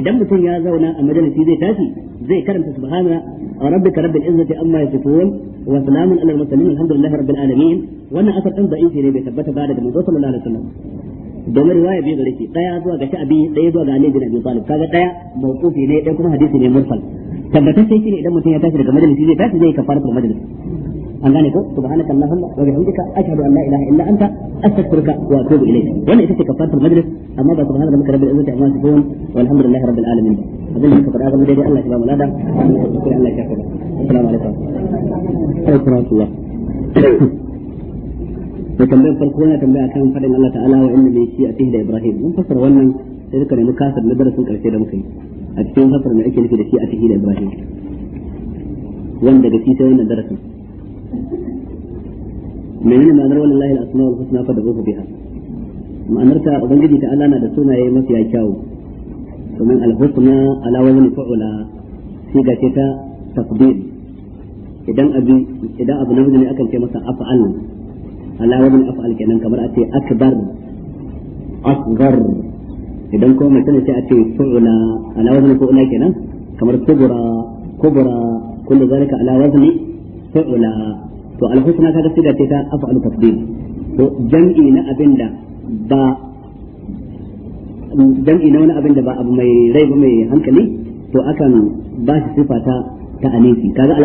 idan mutum ya zauna a majalisi zai tashi zai karanta subhana rabbika rabbil izzati amma yasifun wa salamun alal mursalin alhamdulillahi rabbil alamin wannan asar din da'ifi ne bai tabbata ba daga manzo sallallahu alaihi wasallam domin riwaya biyu gare shi daya zuwa ga sha'abi daya zuwa ga Ali bin Abi Talib kaga daya mawqufi ne daya kuma hadisi ne mursal tabbatacce ne idan mutum ya tashi daga majalisi zai tashi zai kafaratul majalis an gane ko subhanaka allahumma wa bihamdika ashhadu an la ilaha illa anta astaghfiruka wa atubu ilayk wannan ita ce kafaratul majlis amma ba rabbika rabbil izzati amma walhamdulillahi rabbil alamin abin da Allah ya assalamu alaikum da tambayar farko yana tambaya kan faɗin Allah ta'ala wa inna bi shi'atihi da Ibrahim mun fassara wannan sai duka na darasin karshe da muka yi a cikin fassara mai ake nufi da da Ibrahim wanda wannan darasin menene ma'anar wani lahil a asmaul husna fa da zuwa biya ma'anar ta ubangiji ta Allah na da sunaye mafiya kyawu domin al-husna ala wazn fa'ula ga ce ta tafdil idan abu idan abu namiji ne akan ce masa af'al ala wazn af'al kenan kamar a ce akbar asghar idan kuma mai mutum sai a ce fa'ula ala wazn fa'ula kenan kamar kubra kubra kullu zalika ala wazni فعلا to mai rai ba mai hankali to akan ba shi sifa ta ta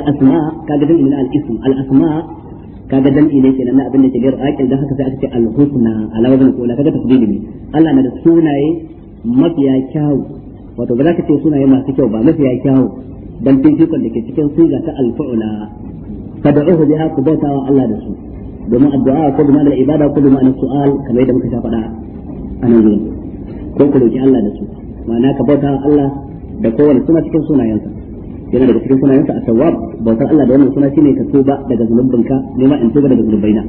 kaga kenan na abin da ke dan haka sai aka ce al-husna ala kaga tafdil ne Allah na da sunaye mafiya kyawu wato ba za ka ce sunaye masu kyau ba mafiya kyawu dan fifikon da ke cikin sunga ta al fad'uhu biha ku bauta wa Allah da su domin addu'a ko domin da ibada ko domin da su'al kamar yadda muka ta faɗa a nan gurin ko ku roki Allah da su ma'ana ka bauta wa Allah da kowane suna cikin sunayensa yana daga cikin sunayensa a tawab bautar Allah da wannan suna shine ka tuba daga zunubinka nema in tuba daga zunubaina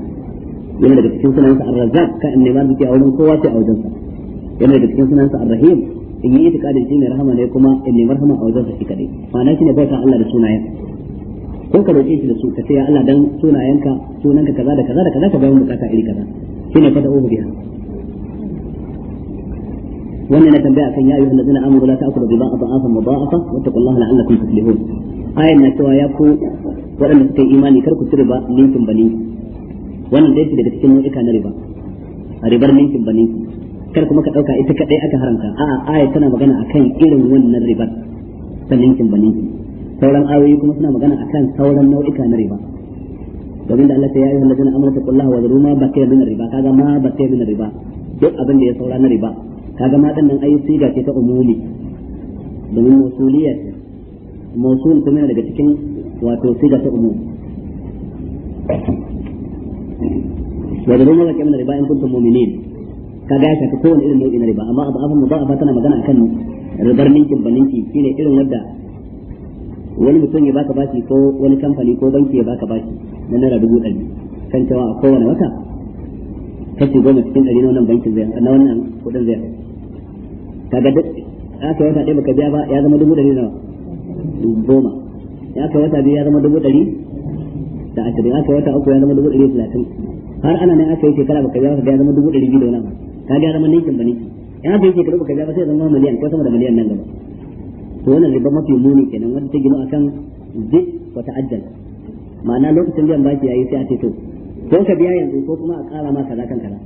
yana daga cikin sunayensa ar-razzaq ka in nema duki a wurin kowa sai a wajensa yana daga cikin sunayensa ar-rahim in yi itikadin shi mai rahama ne kuma in nema rahama a wajensa shi kadai ma'ana shine bauta Allah da sunayensa ko ka roƙe shi da su ka ce ya Allah dan sunayenka sunanka kaza da kaza da kaza ka bayan bukata iri kaza shine fa da ubu biya wannan na tambaya kan ya ayyuhal ladina amanu la ta'kulu riba adha'afan mudha'afa wattaqullaha la'allakum tuflihun ayan na cewa ya ku waɗanda suka yi imani kar ku ci riba ninkin ba ninkin wannan dai daga cikin nau'ika na riba ribar ninkin ba ninkin kar kuma ka ɗauka ita kaɗai aka haramta a'a aya tana magana akan irin wannan ribar ta ninkin ba sauran ayoyi kuma suna magana akan sauran nau'ika na riba domin da Allah ya yi wannan jin amana ta kullaha wa zaruma ba kai min riba kaga ma ba kai min riba duk abin da ya saura na riba kaga ma dan nan ayi siga ke ta umumi domin mausuliyya ce mausul kuma daga cikin wato siga ta umumi wa zaruma ba kai min riba in kuntum mu'minin kaga ya shafi kowane irin nau'i na riba amma abu abin mudafa tana magana akan ribar ninkin ba ninki shine irin wadda. wani mutum ya baka bashi ko wani kamfani ko banki ya baka bashi na naira dubu ɗari kan cewa a kowane wata kashi goma cikin ɗari na wannan bankin zai na wannan kuɗin zai kaga duk aka wata ɗaya baka biya ba ya zama dubu ɗari nawa goma ya aka wata biyu ya zama dubu ɗari da ashirin aka wata uku ya zama dubu ɗari talatin har ana nan aka yi shekara baka biya baka ya zama dubu ɗari biyu da wani ka kaga ya zama ninkin ba ninkin ya aka yi shekara baka biya ba sai ya zama miliyan ko sama da miliyan nan gaba to wannan riba mafi muni kenan wanda ta gino akan zid wa ta'addal ma'ana lokacin biyan baki yayi sai a ce to ko ka biya yanzu ko kuma a ƙara maka kaza kan kaza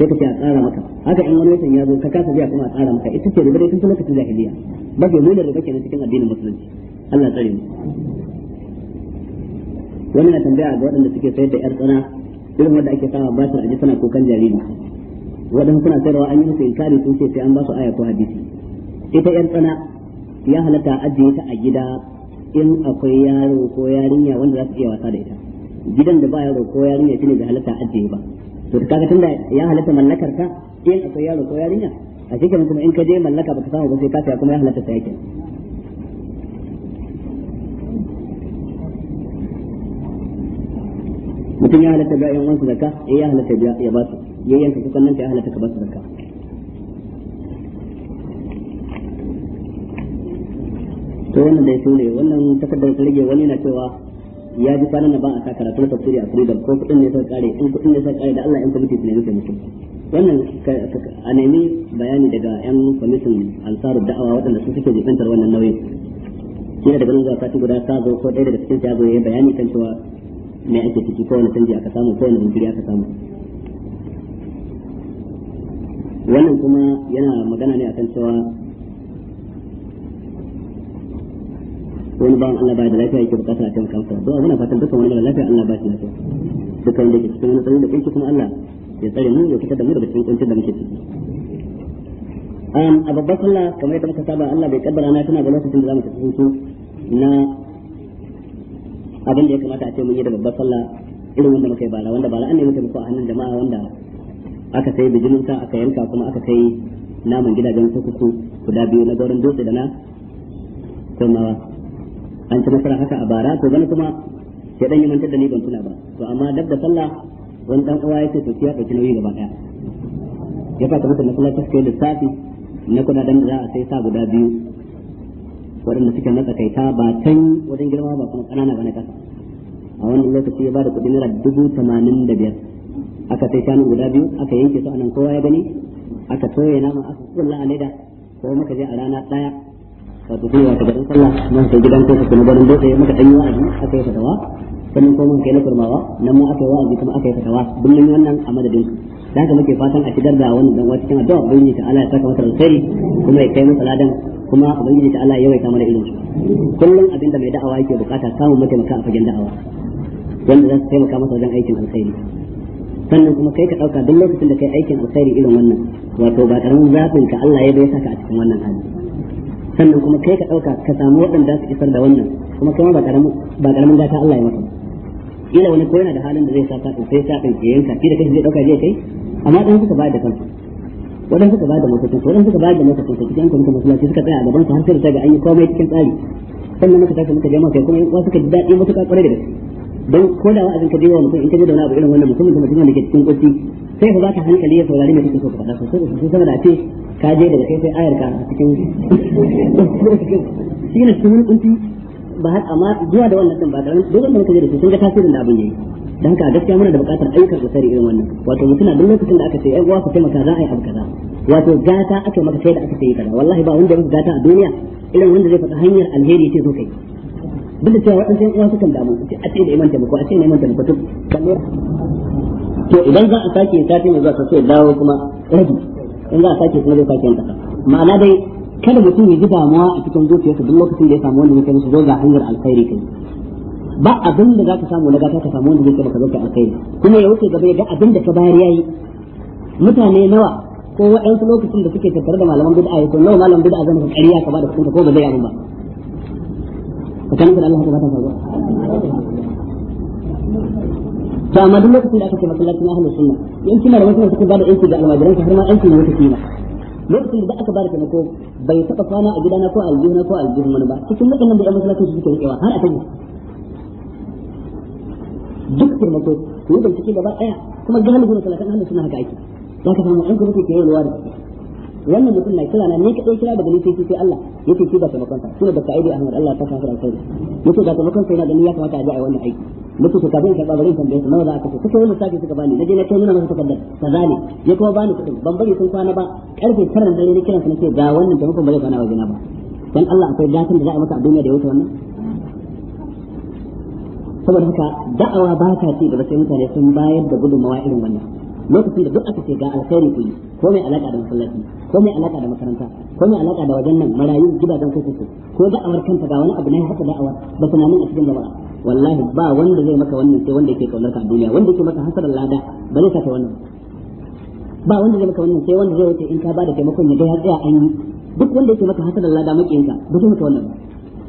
sai ka ce a ƙara maka haka in wani watan ya zo ka kasa biya kuma a ƙara maka ita ce riba dai tun lokacin jahiliya mafi muni riba kenan cikin addinin musulunci Allah tsare mu wannan na tambaya ga waɗanda suke sayar da yar tsana irin wanda ake sawa ba a ji ko kan jariri waɗanda suna sayarwa an yi musu inkari sun ce sai an ba su aya ko hadisi ita yar tsana ya halatta ajiye ta a gida in akwai yaro ko yarinya wanda za su iya wasa da ita gidan da ba yaro ko yarinya shine bai halatta ajiye ba to kaga tunda ya halatta mallakar ta in akwai yaro ko yarinya a cikin kuma in ka je mallaka baka samu ba sai ka saya kuma ya halatta ta yake mutum ya halatta ga yan wansu da ka, eh ya halatta ya ba su yayin ka kusan nan ta ya halatta ka ba su da ka. to wannan dai sune wannan takardar ta rage wani na cewa ya ji kwanan ban a ka karatu tafsiri a freedom ko kudin ne sai kare in kudin ne sai kare da Allah in kuma committee ne nake mutum wannan a nemi bayani daga yan commission ansaru da'awa waɗanda su suke jikantar wannan nauyin kila daga nan zuwa sati guda ta zo ko ɗaya daga cikin ta zo ya bayani kan cewa me ake ciki ko wani canji aka samu ko wani jinkiri aka samu wannan kuma yana magana ne akan cewa wani bawan Allah ba da lafiya yake bukata a kan masa don muna fatan dukkan wani da lafiya Allah ba shi lafiya dukkan wanda ke cikin wani tsari da kanki kuma Allah ya tsare mu ya fitar da mu daga cikin kuncin da muke ciki a babbar sallah kamar yadda muka saba Allah bai kaddara na tana da lokacin da zamu tafi hutu na abin da ya kamata a ce mun yi da babbar sallah irin wanda muka yi bara wanda bara an ne muka muku a hannun jama'a wanda aka sai bijiminta aka yanka kuma aka kai naman gidajen kuku guda biyu na gauran dutse da na komawa an ci nasara haka a bara to bana kuma ya dan yi mantar da ni ban tuna ba to amma dab da sallah wani dan uwa ya ce to ya dauki nauyi gaba daya ya fata mutum na sallah take lissafi na kuna dan za a sai sa guda biyu waɗanda suke tsakaita ba can wajen girma ba kuma ƙanana ba na ƙasa a wannan lokaci ya ba da kuɗi naira dubu tamanin da biyar aka sai shanu guda biyu aka yanke su anan kowa ya gani aka toye nama aka kulla a leda ko maka je a rana ɗaya wato zai wata garin sallah mun kai gidan kai kuma garin dole muka danyi wa'azi aka yi fatawa sannan kuma muka yi na kurmawa nan mu aka yi wa'azi kuma aka yi fatawa dukkan wannan a madadin da haka muke fatan a shigar da wannan dan wata cikin addu'a ubangiji ta Allah ya saka masa alkhairi kuma ya kai masa ladan kuma ubangiji ta Allah ya yawaita mana irin kullum abinda mai da'awa yake bukata samun mataimaka a fagen da'awa wanda za su taimaka masa wajen aikin alkhairi sannan kuma kai ka dauka duk lokacin da kai aikin alkhairi irin wannan wato ba karamin zafin ka Allah ya a cikin wannan hali sannan kuma kai ka ɗauka ka samu waɗanda su isar da wannan kuma kai ba karamin ba karamin gata Allah ya maka ila wani ko yana da halin da zai sa sa sai sa kan yanka shi da kai zai ɗauka zai kai amma dan suka bayar da kansu wadan suka bayar da motocin wadan suka bayar da motocin su cikin kuma masallaci suka tsaya a gaban su har sai da ga an yi komai cikin tsari sannan muka tashi muka je maka kuma wasu suka ji daɗi mutuka kwarai da gaske don ko da wa'azin ka je wa mutum in ka je da wani abu irin wannan musamman da mutum da ke cikin kunci sai ku za ka hankali ya saurari mai kake so ka sai ku sama da ce ka je daga kai sai ayar ka a cikin shi ne cikin kunci ba har amma zuwa da wannan din ba da duk wanda muka je da su sun ga tasirin da abin yayi dan ka gaskiya muna da buƙatar ayyukan tsari irin wannan wato mutum a duk lokacin da aka ce ai uwa ku taimaka za a yi abu kaza wato gata aka maka sai da aka sai kaza wallahi ba wanda ya gata a duniya irin wanda zai faɗa hanyar alheri ce zo kai duk da cewa waɗansu yan uwa sukan damu a ce da iman taimako a ce da iman taimako to to idan za a sake sati mai zuwa sai dawo kuma rabi in za a sake kuma zai sake yin kasa ma'ana dai kada mutum ya ji damuwa a cikin zuciyarsa duk lokacin da ya samu wanda yake musu zo ga hanyar alkhairi kai ba abin da za ka samu na gata ka samu wanda yake maka zo alkhairi kuma ya wuce gaba ya ga abin da ka bayar yayi mutane nawa ko waɗansu lokacin da suke tattare da malaman bid'a ya nawa malaman bid'a zan ka ƙarya ka ba da kuɗinka ko ba zai yi ba ka Allah ka ba ta to amma duk lokacin da aka ce masallacin ahlus sunna in kina da wasu suka bada aiki ga almajiran ka har ma aiki ne wata kima lokacin da aka bada taimako bai taba kwana a gidana ko aljihuna ko aljihun wani ba cikin waɗannan da masallacin su suke rikewa har a kai duk taimako ku yi bincike gaba ɗaya kuma galibin masallacin ahlus sunna haka aiki za ka samu ɗan kuma yi kewayewa da wannan mutum na kira na ni kadai kira daga ni sai Allah yace shi ba taimakon sa shine da Sa'idu Ahmad Allah ta kafara alkhairi yace da taimakon sa yana ni ya kamata a ji a wannan aiki mutu ka kafin ka babarin kan bayan nawa za ka kace wannan sake suka bani naje na kai nuna masa takardar kaza ne ya kuma bani kudin ban bari sun kwana ba karfe 9 da dare ne kiran sa nake ga wannan taimakon ba zai kwana wajena ba dan Allah akwai datin da za a masa a duniya da ya wuce wannan saboda haka da'awa ba ta ci gaba sai mutane sun bayar da gudunmawa irin wannan lokaci da duk aka ce ga alkhairi ku yi ko mai alaka da masallaci ko mai alaka da makaranta ko mai alaka da wajen nan marayu gidajen kuku ko da awar kanta ga wani abu ne haka da ba da tunanin a cikin gaba wallahi ba wanda zai maka wannan sai wanda yake kaunar ka duniya wanda yake maka hasarar lada ba zai ta wannan ba wanda zai maka wannan sai wanda zai wuce in ka ba da taimakon ne dai har tsaya an yi duk wanda yake maka hasarar lada makiyinka ba zai maka wannan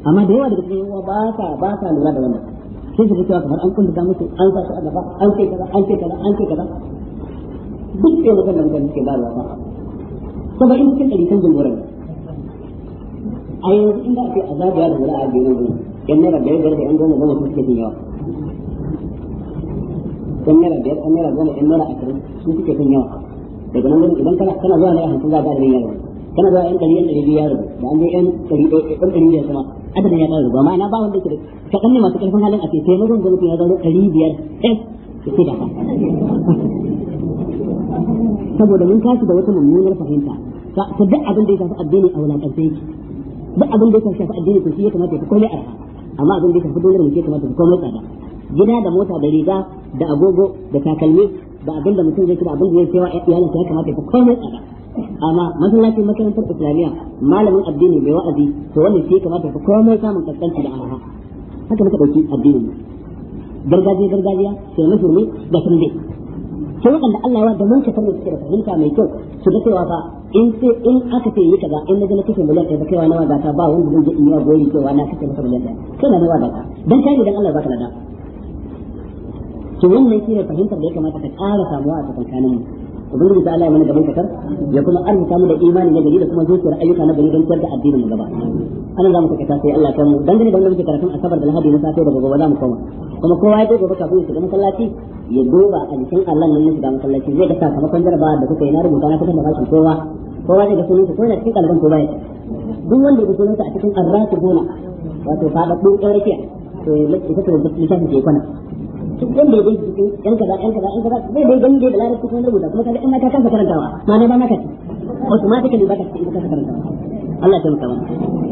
amma da yawa daga cikin ba sa ba sa lura da wannan sai su fitowa kamar an kunta musu an sa su a gaba an ce kaza an ce kaza an ce kaza duk irin da mutane suke ba da wasa saba'in cikin ɗari kan jumburan a yanzu in za a ce a zagaya da zura'a biyu na gudu yan naira biyar biyar da yan goma goma sun suke fin yawa yan naira biyar yan naira goma yan naira ashirin sun suke fin yawa daga nan gudu idan kana kana zuwa naira hamsin za a ba da yawa kana zuwa yan ɗari yan ɗari biyu yaro da an je yan ɗari eh, eh, ɗari biyar adadin ya ƙara ba wanda ke da masu ƙarfin halin a ce sai na ya zaro ɗari biyar ya eh, ce da ba saboda mun tashi da wata mummunar fahimta ka duk abin da ya shafi addini a wulakance yake duk abin da ya shafi addini to shi ya kamata ya fi komai arha amma abin da ya shafi duniyar mu shi ya kamata ya fi komai tsada gida da mota da riga da agogo da takalmi da abin da mutum zai kira abin da zai sayawa iyalinsa ya kamata ya fi komai tsada amma masallacin makarantar islamiyya malamin addini mai wa'azi to wannan shi ya kamata ya fi komai samun kaskanci da arha haka muka dauki addini gargajiya gargajiya shirme shirme da sun sai wanda Allah ya da mun kasar da suke da fahimta mai kyau su ga cewa fa in sai in aka ce yi kaza in naji na kashe miliyan ɗaya ba kaiwa na wadata ba wanda zai je iya yi goyi cewa na kashe masa miliyan ɗaya kai na wadata dan kai ne dan Allah baka lada to wannan shine fahimtar da ya kamata ka ƙara samuwa a tsakankanin mu ubangiji ta Allah mana gaban kasar ya kuma arzuta mu da imani na gari da kuma zuciyar ayyuka na gari don ciyar addinin mu gaba ana za mu ta kasa sai Allah ta mu dangane da wanda muke karatun asabar da lahadi na safe da gobe za mu koma kuma kowa ya gobe kafin ya shiga masallaci ya duba a jikin Allah nan ya shiga masallaci zai ga sakamakon jarabawa da kuka yi na rubuta na kuka da bashin kowa kowa zai ga sunan ko yana cikin kalban kowa ya duk wanda ya sunan a cikin arrasu gona wato fa da ɗan ɗaurakiya to ya lissa ta littafin ke kwana dan bai gun jiki dan kaza dan kaza dan kaza bai bai gani da larabci kuma rubuta kuma kaga in ma ka kasa karantawa ma na ba maka automatically ba ka kasa karantawa Allah ya taimaka